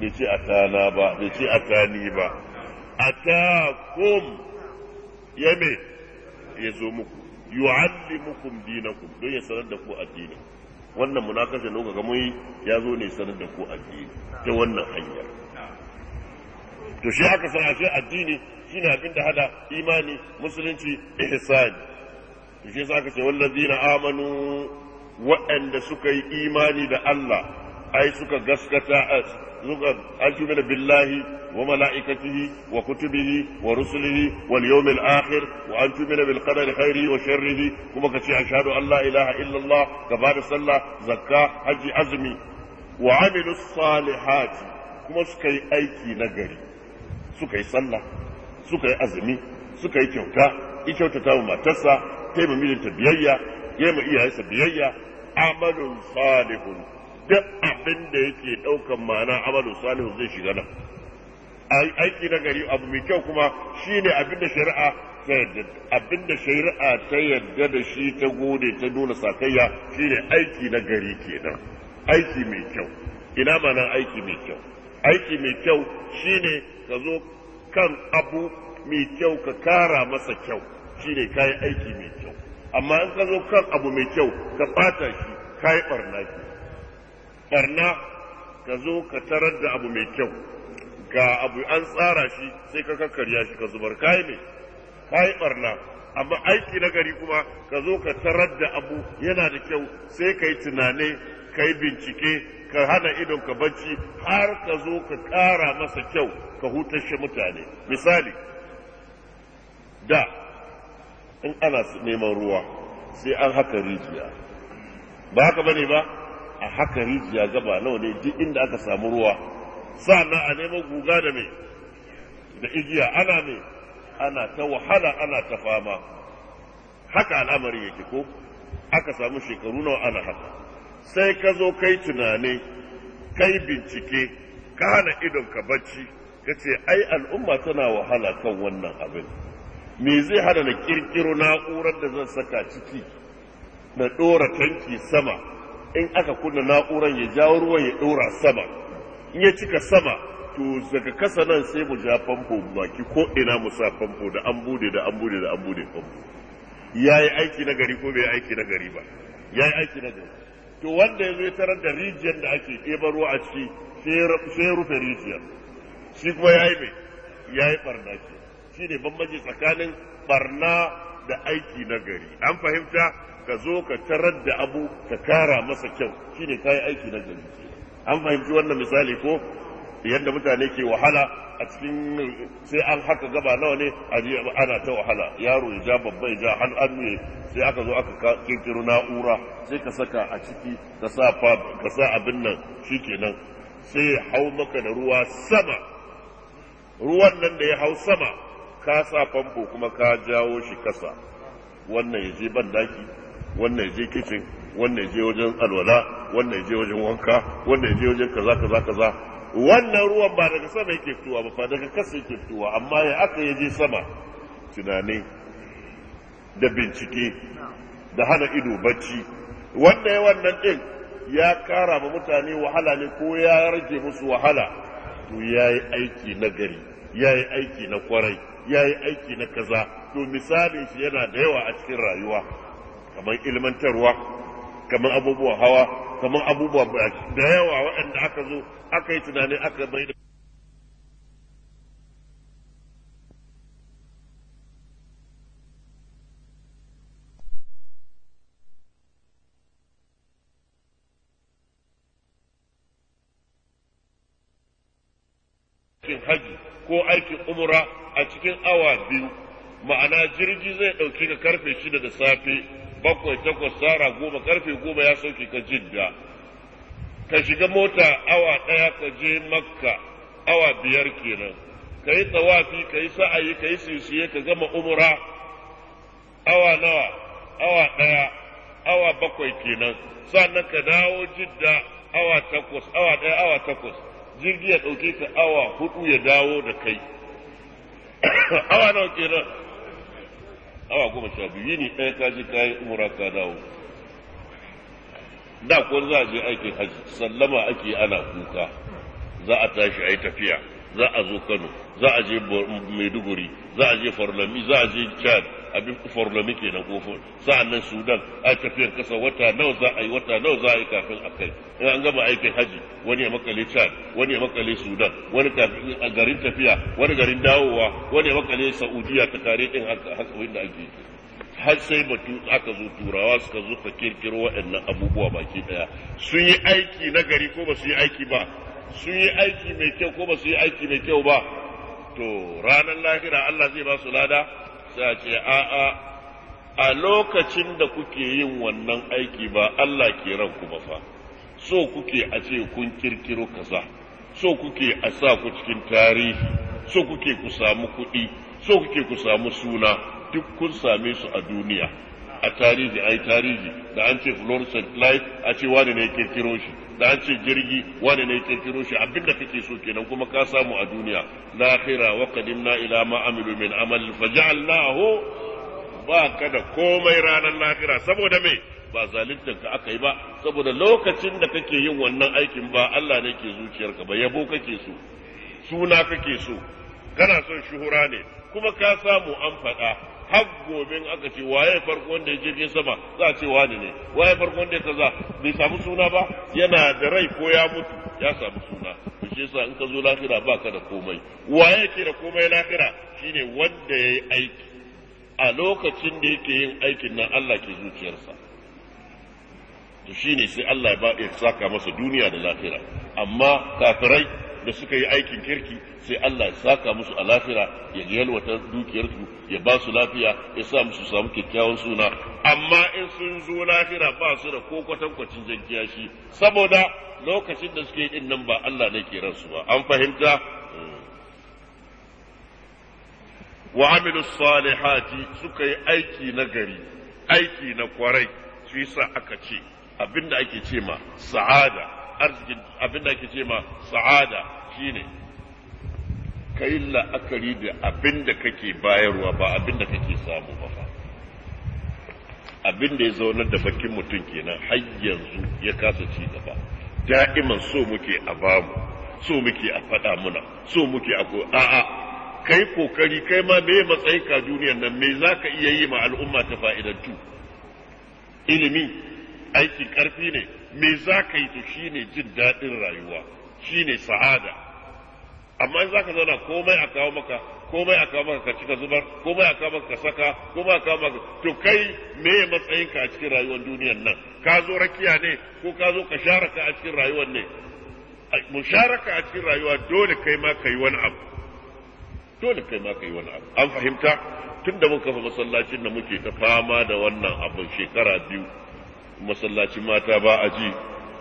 bai ce atana ba bai atani ba atakum ya me ya zo muku yu'allimukum dinakum don ya sanar da ku addini wannan munakashin ne ga mun ya zo ne sanar da ku addini ta wannan hanyar to shi aka san ashe addini shine abin da hada imani musulunci ihsani shi yasa ka ce wallazina amanu waɗanda suka yi imani da Allah ai suka gaskata suka ajumina billahi wa mala'ikatihi wa kutubihi wa rusulihi wal yawmil akhir wa an tumina bil qadari khairihi wa sharrihi kuma kace ashhadu an la ilaha illallah gaba da sallah zakka haji azumi wa amilu salihati kuma suka yi aiki nagari suka yi sallah suka yi azumi suka yi kyauta i kyautata wa matarsa ta yi mijinta biyayya ya iyayensa biyayya amalun salihun duk abin da yake daukan ma'ana amalun salihun zai shiga nan aiki na gari abu mai kyau kuma shine abin da shari'a ta yarda abin da shari'a ta yarda da shi ta gode ta nuna sakayya shine aiki na gari kenan aiki mai kyau ina ma'ana aiki mai kyau aiki mai kyau shine ka zo kan abu mai kyau ka kara masa kyau shine kayan aiki mai kyau amma in ka zo kan abu mai kyau ka bata shi ka yi barna shi barna ka zo ka tarar da abu mai kyau ga abu an tsara shi sai ka kakkarya shi ka zubar ka yi ne ka yi barna amma aiki na gari kuma ka zo ka tarar da abu yana da kyau sai ka yi tunane ka yi bincike ka hana idon ka bacci har ka zo ka ƙara masa kyau ka hutar shi mutane misali da in ana neman ruwa sai an haka rijiya ba haka bane ba a haka rijiya gaba nawa ne duk inda aka samu ruwa sa'annan a neman guga da me da igiya ana mai ana ta wahala ana ta fama haka al'amari yake ko aka samu shekaru nawa ana haka sai ka zo kai tunani kai bincike ka hana idon ka bacci ka ce ai al'umma tana wahala kan wannan abin me zai hada na kirkiro na'urar da zan saka ciki na dora tanki sama in aka kunna na'urar ya jawo ruwan ya dora sama in ya cika sama to daga kasa nan sai mu ja famfo baki ko ina mu sa famfo da an bude da an bude da an bude famfo yayi aiki na gari ko bai aiki na gari ba yayi aiki na gari to wanda ya zai tarar da rijiyar da ake ɗebar ruwa a ciki sai rufe rijiyar shi kuma yayi mai yayi yi ɓarnaki. shine bambanci tsakanin barna da aiki na gari an fahimta ka zo ka tarar da abu ka kara masa kyau shine kayi aiki na gari an fahimci wannan misali ko yadda mutane ke wahala a cikin sai an haka gaba nawa ne ana ta wahala yaro ya ja babba ya ja hannu ya sai aka zo aka kirkiro na'ura sai ka saka a ciki ka sa ka sa abin nan shikenan sai ya hau maka da ruwa sama ruwan nan da ya hau sama ka sa famfo kuma ka jawo shi kasa wannan ya je daki wannan ya je kicin wannan ya je wajen alwala wannan ya je wajen wanka wannan ya je wajen kaza kaza kaza wannan ruwan ba daga sama yake fitowa ba daga kasa yake fitowa amma ya aka ya je sama tunani da bincike da hana ido bacci wanda ya wannan din ya kara ma mutane wahala ne ko ya rage musu wahala to ya yi aiki gari. Yayi aiki na kwarai yayi aiki na kaza to misalin shi yana da yawa a cikin rayuwa kamar ilmantarwa kamar abubuwan hawa kamar abubuwa da yawa waɗanda aka zo aka yi tunanin aka bai da kubura a cikin awa biyu ma'ana jirgi zai ɗauki ka karfe shida da safe bakwai takwas sara goma karfe goma ya sauke ka jidda ka shiga mota awa ɗaya ka je makka awa biyar kenan ka yi tsawafi ka yi sa'ayi ka yi sisiye ka gama umura awa nawa awa ɗaya awa bakwai kenan sannan ka dawo jidda awa takwas awa ɗaya awa takwas jirgi ya ɗauke ka awa hudu ya dawo da kai awa nawa kenan awa goma sha biyu yini ɗaya ka je ka yi umura ka dawo da ko za a je aikin hajji sallama ake ana kuka za a tashi a yi tafiya za a zo kano za a je maiduguri za a je farlami za a je chad abin da muke na kofo sa'annan sudan a tafiyar kasa wata nawa za a yi wata nawa za a yi kafin a kai in an gama aikin haji wani ya makale chad wani ya makale sudan wani kafin a garin tafiya wani garin dawowa wani ya makale saudiya ta tare din haka wanda ake yi har sai batu aka zo turawa suka zo ka kirkiro waɗannan abubuwa baki ɗaya sun yi aiki na gari ko ba su yi aiki ba sun yi aiki mai kyau ko ba su yi aiki mai kyau ba to ranar lahira Allah zai ba su lada sai ce a'a a lokacin da kuke yin wannan aiki ba Allah ke ranku ba fa so kuke a ce kun kirkiro kaza so kuke a sa ku cikin tarihi so kuke ku samu kuɗi so kuke ku samu suna duk kun same su a duniya a tarihi ai tarihi da an ce florence light a ce wani ne kirkiro shi da an ce jirgi wani ne kirkiro shi abinda kake so kenan kuma ka samu a duniya lahira wa qadimna ila ma amilu min amal faj'alnahu ba ka da komai ranar lahira saboda me ba zaluntar ka aka yi ba saboda lokacin da kake yin wannan aikin ba Allah ne ke zuciyarka ba yabo kake so suna kake so kana son shuhura ne kuma ka samu an faɗa har gobin aka ce waye farko wanda ya jirgin sama za a ce wani ne waye farko wanda ya kaza bai samu suna ba yana da rai ko ya mutu ya samu suna to shi yasa in ka zo lafira ba ka da komai waye ke da komai lahira shine wanda ya yi aiki a lokacin da yake yin aikin nan Allah ke zuciyarsa to shine sai Allah ya ba ya saka masa duniya da lahira amma kafirai da suka yi aikin kirki sai Allah ya saka musu a lafiya ya yalwata dukiyarsu ya ba su lafiya ya sa musu samu kyakkyawan suna amma in sun zo lafiya ba su da ko kwatankwacin jankiya shi saboda lokacin da suke yi nan ba Allah ne ke ransu ba an fahimta hmm. wa amilu salihati suka yi aiki na gari aiki na kwarai shi sa aka ce abinda ake ce ma sa'ada arzikin abin da ake ce ma sa'ada shine kai la'akari da abin da kake bayarwa ba abin da kake samu ba fa abin da ya zaunar da bakin mutum kenan har yanzu ya kasa ci gaba da'iman so muke a bamu so muke a faɗa muna so muke a a'a kai kokari kai ma me matsayi ka duniyar nan me za ka iya yi ma al'umma ta fa'idantu ilimi aikin karfi ne me za ka yi to shi ne jin daɗin rayuwa shi ne sa'ada amma in za ka zauna komai a kawo maka komai a kawo maka ka cika zubar komai a kawo maka ka saka komai a kawo maka to kai me matsayinka a cikin rayuwar duniyar nan ka zo rakiya ne ko ka zo ka share ka a cikin rayuwar ne ka a cikin rayuwa dole kai ma ka yi wani abu dole kai ma ka yi wani abu an fahimta tun da muka fa masallacin da muke ta fama da wannan abin shekara biyu masallaci mata ba a ji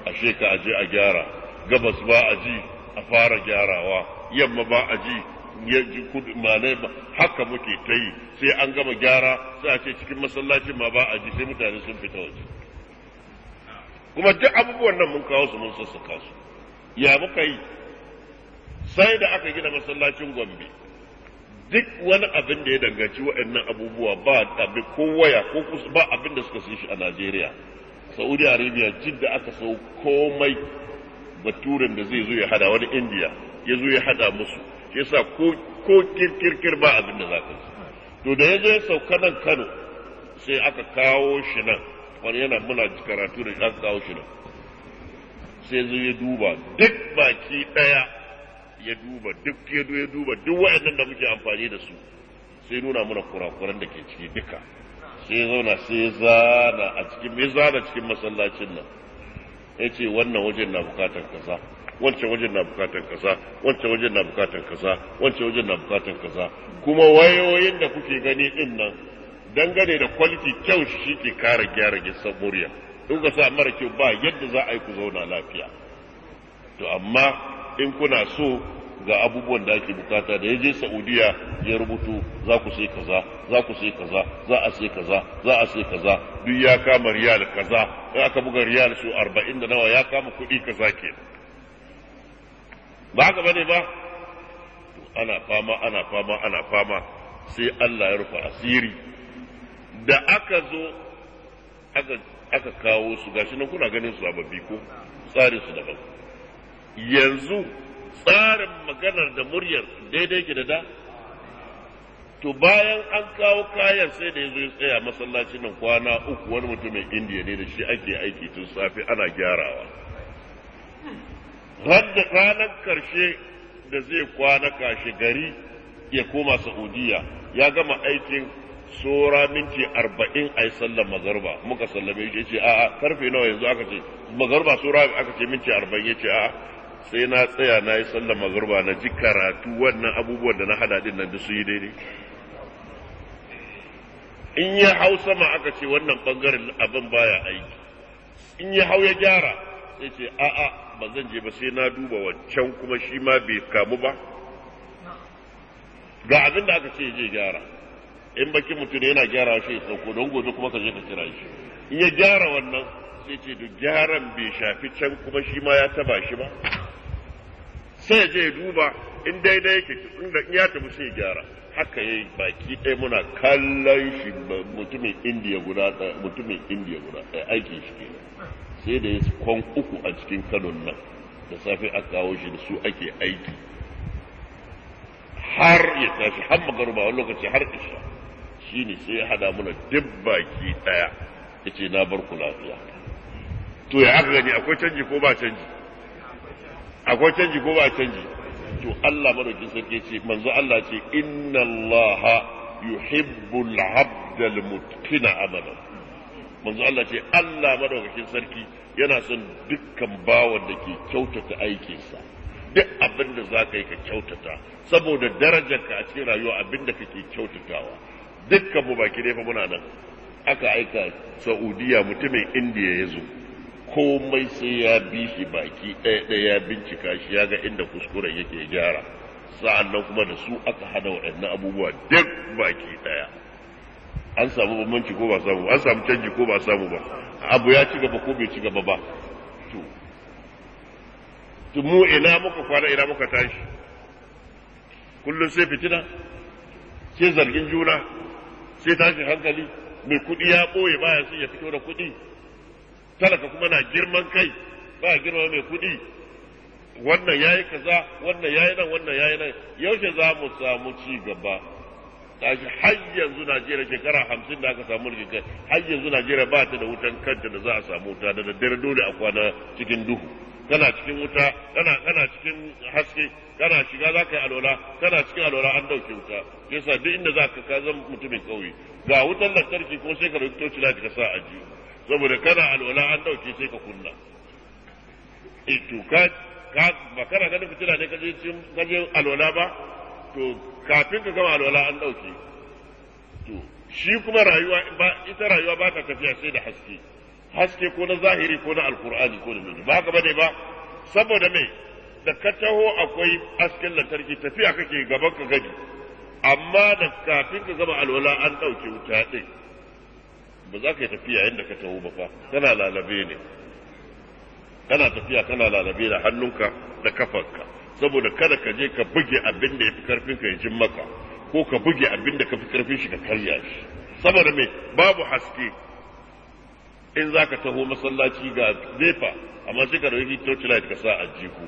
a sheka a je a gyara gabas ba a ji a fara gyarawa yamma ba a ji kudu malai ba haka muke ta yi sai an gama gyara sai a ce cikin masallaci ma ba a ji sai mutane sun fita waje kuma duk abubuwan nan mun kawo su mun sassaka su ya muka yi sai da aka gina masallacin gombe duk wani abin da ya danganci waɗannan abubuwa ba abin ko waya ko ba abin da suka sun shi a najeriya saudi arabia jidda aka sau komai baturen da zai zo ya hada wani indiya ya zo ya hada musu shi yasa ko kirkirkir ba abin da za ka to da ya ya sauka nan kano sai aka kawo shi nan wani yana muna karatu da aka kawo shi nan sai zai ya duba duk baki daya ya duba duk ya duba duk wa'annan da muke amfani da su sai nuna mana kurakuran da ke ciki duka sai zauna sai zana a cikin mai zana cikin masallacin nan ya ce wannan wajen na bukatar kaza wancan wajen na bukatar kaza wancan wajen na bukatar kaza wancan wajen na bukatar kaza kuma wayoyin da kuke gani din nan dangane da kwaliti kyau shi ke kara gyara gisan murya in ka sa mara kyau ba yadda za a yi ku zauna lafiya to amma in kuna so ga abubuwan da ake bukata da ya je saudiya ya rubutu za ku sai kaza za ku sai kaza za a sai kaza za a sai kaza duk ya kama riyal kaza sai aka buga riyal su arba'in da nawa ya kama kuɗi kaza ke ba haka bane ba ana fama ana fama ana fama sai Allah ya rufa asiri da aka zo aka aka kawo su gashi nan kuna ganin su sababbi ko tsarin su daban yanzu tsarin maganar da muryar daidai gida da da to bayan an kawo kayan sai da yanzu ya tsaya masallacin nan kwana uku wani mutumin indiya ne da shi ake aiki tun safe ana gyarawa Wanda ranar karshe da zai kwana kashi gari ya koma saudiya ya gama aikin tsora minti arba'in a yi sallar magarba muka sallame shi ce a'a karfe nawa yanzu aka ce magarba tsora aka ce minti arba'in ya ce a'a sai na tsaya na yi sallama zurba na ji karatu wannan abubuwan da na hada din nan su yi daidai in ya hau sama aka ce wannan bangaren abin baya aiki in ya hau ya gyara sai ce a'a ba zan je ba sai na duba wancan kuma shi ma bai kamu ba ga abin da aka ce je gyara in baki mutum yana gyara shi ya sauko don gobe kuma ka je ka kira shi in ya gyara wannan sai ce duk gyaran bai shafi can kuma shi ma ya taba shi ba sai je duba in daidai yake in da ya tafi sai gyara haka yayi baki ɗaya muna kallon shi mutumin indiya guda mutumin indiya guda ɗaya aikin shi ke sai da ya kwan uku a cikin kanon nan da safe a kawo shi da su ake aiki har ya tashi har garba wani lokaci har isha shi ne sai ya hada mana duk baki ɗaya ya na bar ku lafiya to ya aka gani akwai canji ko ba canji akwai canji ko ba canji to Allah madaukin sarki ce manzo Allah ce inna Allah al-abd al mutkina amala manzo Allah ce Allah madaukakin sarki yana son dukkan bawan da ke kyautata sa duk abin da zaka yi ka kyautata saboda darajarka a cikin rayuwa abin da kake kyautatawa dukkan mu baki ne fa muna nan aka aika Saudiya mutumin Indiya ya zo komai sai ya bi shi baki ɗaya ɗaya ya bincika shi ya ga inda kuskuren yake gyara sa'annan kuma da su aka hada waɗannan abubuwa duk baki ɗaya an samu bambanci ko ba samu an samu canji ko ba samu ba abu ya ci gaba ko bai ci gaba ba to mu ina muka kwana ina muka tashi kullum sai fitina sai zargin juna sai tashin hankali mai kuɗi ya ɓoye baya sun ya fito da kuɗi talaka kuma na girman kai ba girma mai kuɗi wannan yayi kaza wannan yayi nan wannan yayi nan yaushe za mu samu ci gaba tashi har yanzu Najeriya shekara hamsin da aka samu rikin kai har yanzu Najeriya ba ta da wutan kanta da za a samu wuta da daddare dole a kwana cikin duhu kana cikin wuta kana kana cikin haske kana shiga za ka yi alola kana cikin alola an dauke wuta yasa duk inda za ka ka mutumin ƙauye ga wutan lantarki kuma shekaru ka rubuto ci ka sa a jiyo saboda kana alwala an dauke sai ka kunna eh, to ka ba kana ganin fitila ne kaje kaje alwala ba to kafin ka gama alwala an dauke to shi kuma rayuwa ba ita rayuwa ba ta tafiya sai da haske haske ko na zahiri ko na alkur'ani ko da ba haka bane ba saboda me da ka taho akwai askin lantarki tafiya kake gaban ka gani amma da kafin ka gama alwala an dauke wuta din ba za ka yi tafiya yadda ka taho ba fa kana lalabe ne kana tafiya kana lalabe da hannunka da kafanka saboda kada ka je ka buge abin da ya fi karfin ka ya maka ko ka buge abin da ka fi karfin shi ka karya shi saboda mai babu haske in za ka taho masallaci ga zefa amma sai ka torchlight ka sa a jiku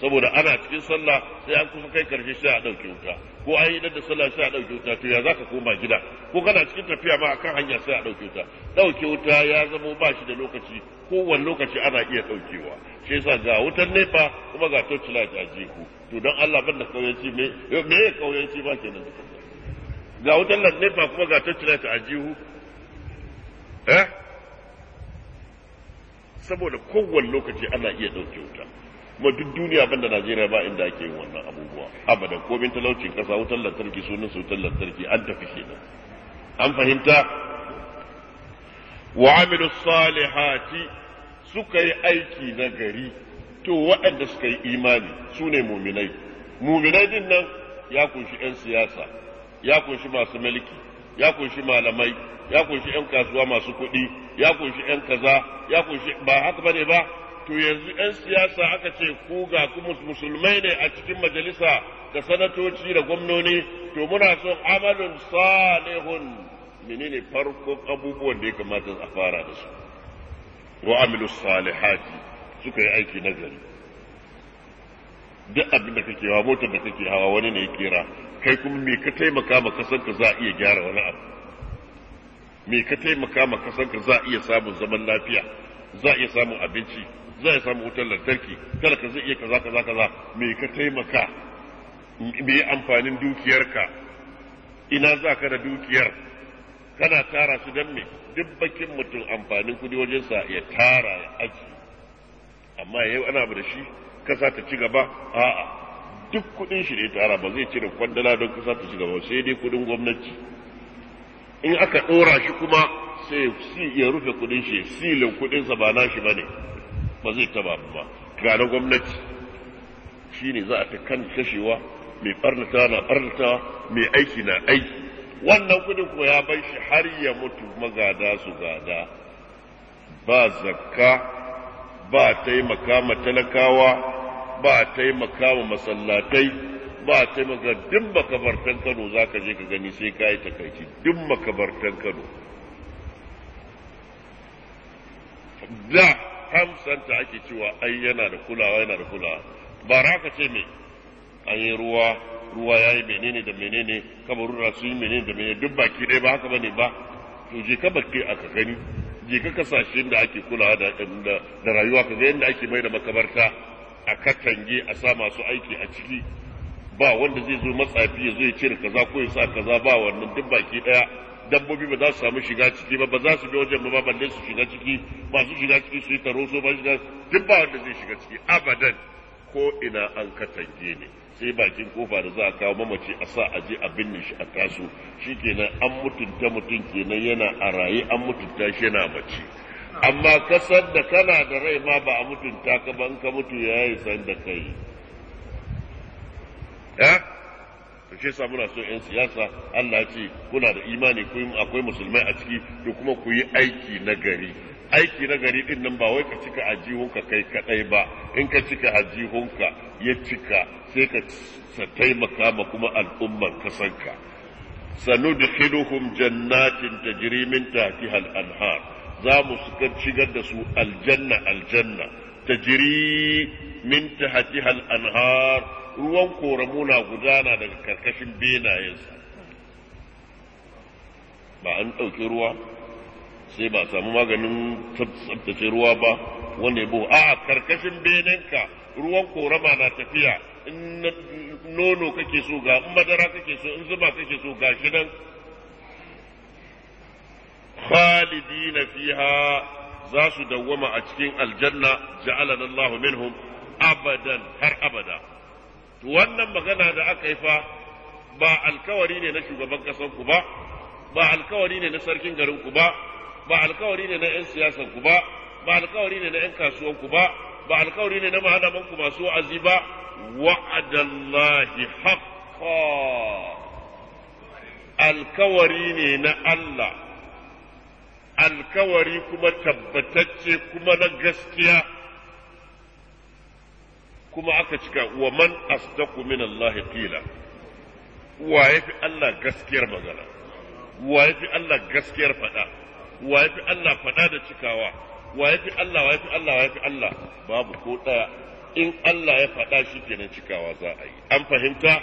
saboda ana cikin sallah sai an kusa kai karshe sai a ɗauke wuta ko an yi da sallah sai a ɗauke wuta to ya ka koma gida ko kana cikin tafiya ma akan hanya sai a ɗauke wuta ɗauke wuta ya zamo ba shi da lokaci kowane lokaci ana iya ɗaukewa shi yasa ga wutar nefa kuma ga torch light a jiku to don Allah ban da kauyanci me me ya kauyanci ba kenan ga wutar nefa kuma ga torch light a jihu eh saboda kowane lokaci ana iya ɗauke wuta kuma duk duniya da Najeriya ba inda ake yin wannan abubuwa abadan komin talaucin kasa wutar lantarki sunan su wutar lantarki an tafi shi ne, an fahimta wa amilu salihati suka yi aiki na gari to waɗanda suka yi imani su ne muminai muminai din nan ya kunshi 'yan siyasa ya kunshi masu mulki ya kunshi malamai ya kunshi 'yan kasuwa masu kuɗi ya kunshi 'yan kaza ya kunshi ba haka bane ba to yanzu 'yan siyasa aka ce ku ga musulmai ne a cikin majalisa da sanatoci da gwamnoni to muna son amalin salihun menene farkon abubuwan da ya kamata a fara da su wa amilu salihati suka yi aiki nagari duk abin da kake hawa motar da kake hawa wani ne ya kera kai kuma me ka taimaka ma kasan ka za a iya gyara wani abu me ka taimaka ma kasan ka za a iya samun zaman lafiya za a iya samun abinci za samu wutar lantarki kada ka zai iya kaza kaza kaza me ka taimaka me amfanin dukiyarka ina za ka da dukiyar kana tara su don me duk bakin mutum amfanin kudi wajensa ya tara ya aji amma yau ana da shi kasa ta ci gaba a'a duk kudin shi ne tara ba zai cire kwandala don kasa ta ci gaba sai dai kudin gwamnati in aka ɗora shi kuma sai ya rufe kudin shi silin kudinsa ba shi ba ne ba zai taba ba ga na gwamnati shine za a ta kan kashewa mai barnata na barnata mai aiki na aiki wannan kudin ko ya bai shi har ya mutu magada su gada ba zakka ba taimaka ma talakawa ba taimaka ma masallatai ba taimaka duk makabartan Kano zaka je ka gani sai ka yi takaici duk makabartan Kano da hamsanta ake cewa ai yana da kulawa yana da kulawa ba ra ka ce me an yi ruwa ruwa ya yi menene da menene ruwa su yi menene da menene duk baki ɗaya ba haka bane ba to je ka baki aka gani je ka kasashen da ake kulawa da da rayuwa ka ga yadda ake mai da makabarta a katange a sa masu aiki a ciki ba wanda zai zo matsafi ya zo ya cire kaza ko ya sa kaza ba wannan duk baki ɗaya dabbobi ba za su samu shiga ciki ba ba za su bi wajen ba balle su shiga ciki masu shiga ciki su yi taro so ba shiga duk ba wanda zai shiga ciki abadan ko ina an katange ne sai bakin kofa da za a kawo mamaci a sa a je a binne shi a taso kenan an mutunta mutum kenan yana a raye an mutunta shi yana mace amma kasar da kana da rai ma ba a mutunta ka ban ka mutu ya yi san da kai eh? to shi yasa muna so yan siyasa Allah ya ce kuna da imani ku akwai musulmai a ciki to kuma ku yi aiki na gari aiki na gari din nan ba wai ka cika ajihunka kai kadai ba in ka cika ajihunka ya cika sai ka taimaka ma kuma al'umman kasanka sanudkhiluhum jannatin tajri min tahtiha al-anhar za mu shigar da su aljanna aljanna tajri min tahtiha al-anhar ruwan koramu na gudana daga karkashin benayensa ba an ɗauki ruwa sai ba samu maganin tsabtace ruwa ba wanda ya buhu a karkashin benenka ruwan korama na tafiya in nono kake so ga in madara kake so in zuba kake so ga shi nan na fiha za su dawwama a cikin aljanna ja'alana Allahu minhum abadan har abada wannan magana da aka yi fa ba alkawari ne na shugaban ƙasar ku ba ba alkawari ne na sarkin garin ku ba ba alkawari ne na yan siyasan ku ba ba alkawari ne na yan kasuwan ku ba ba alkawari ne na malaman ku masu wa'azi ba wa'adallahi haqqan alkawari ne na Allah alkawari kuma tabbatacce kuma na gaskiya kuma aka cika wa man asdaqu min Allah qila wa yafi Allah gaskiyar magana wa yafi Allah gaskiyar fada wa yafi Allah fada da cikawa wa yafi Allah wa yafi Allah wa yafi Allah babu ko daya in Allah ya fada shi kenan cikawa za a yi an fahimta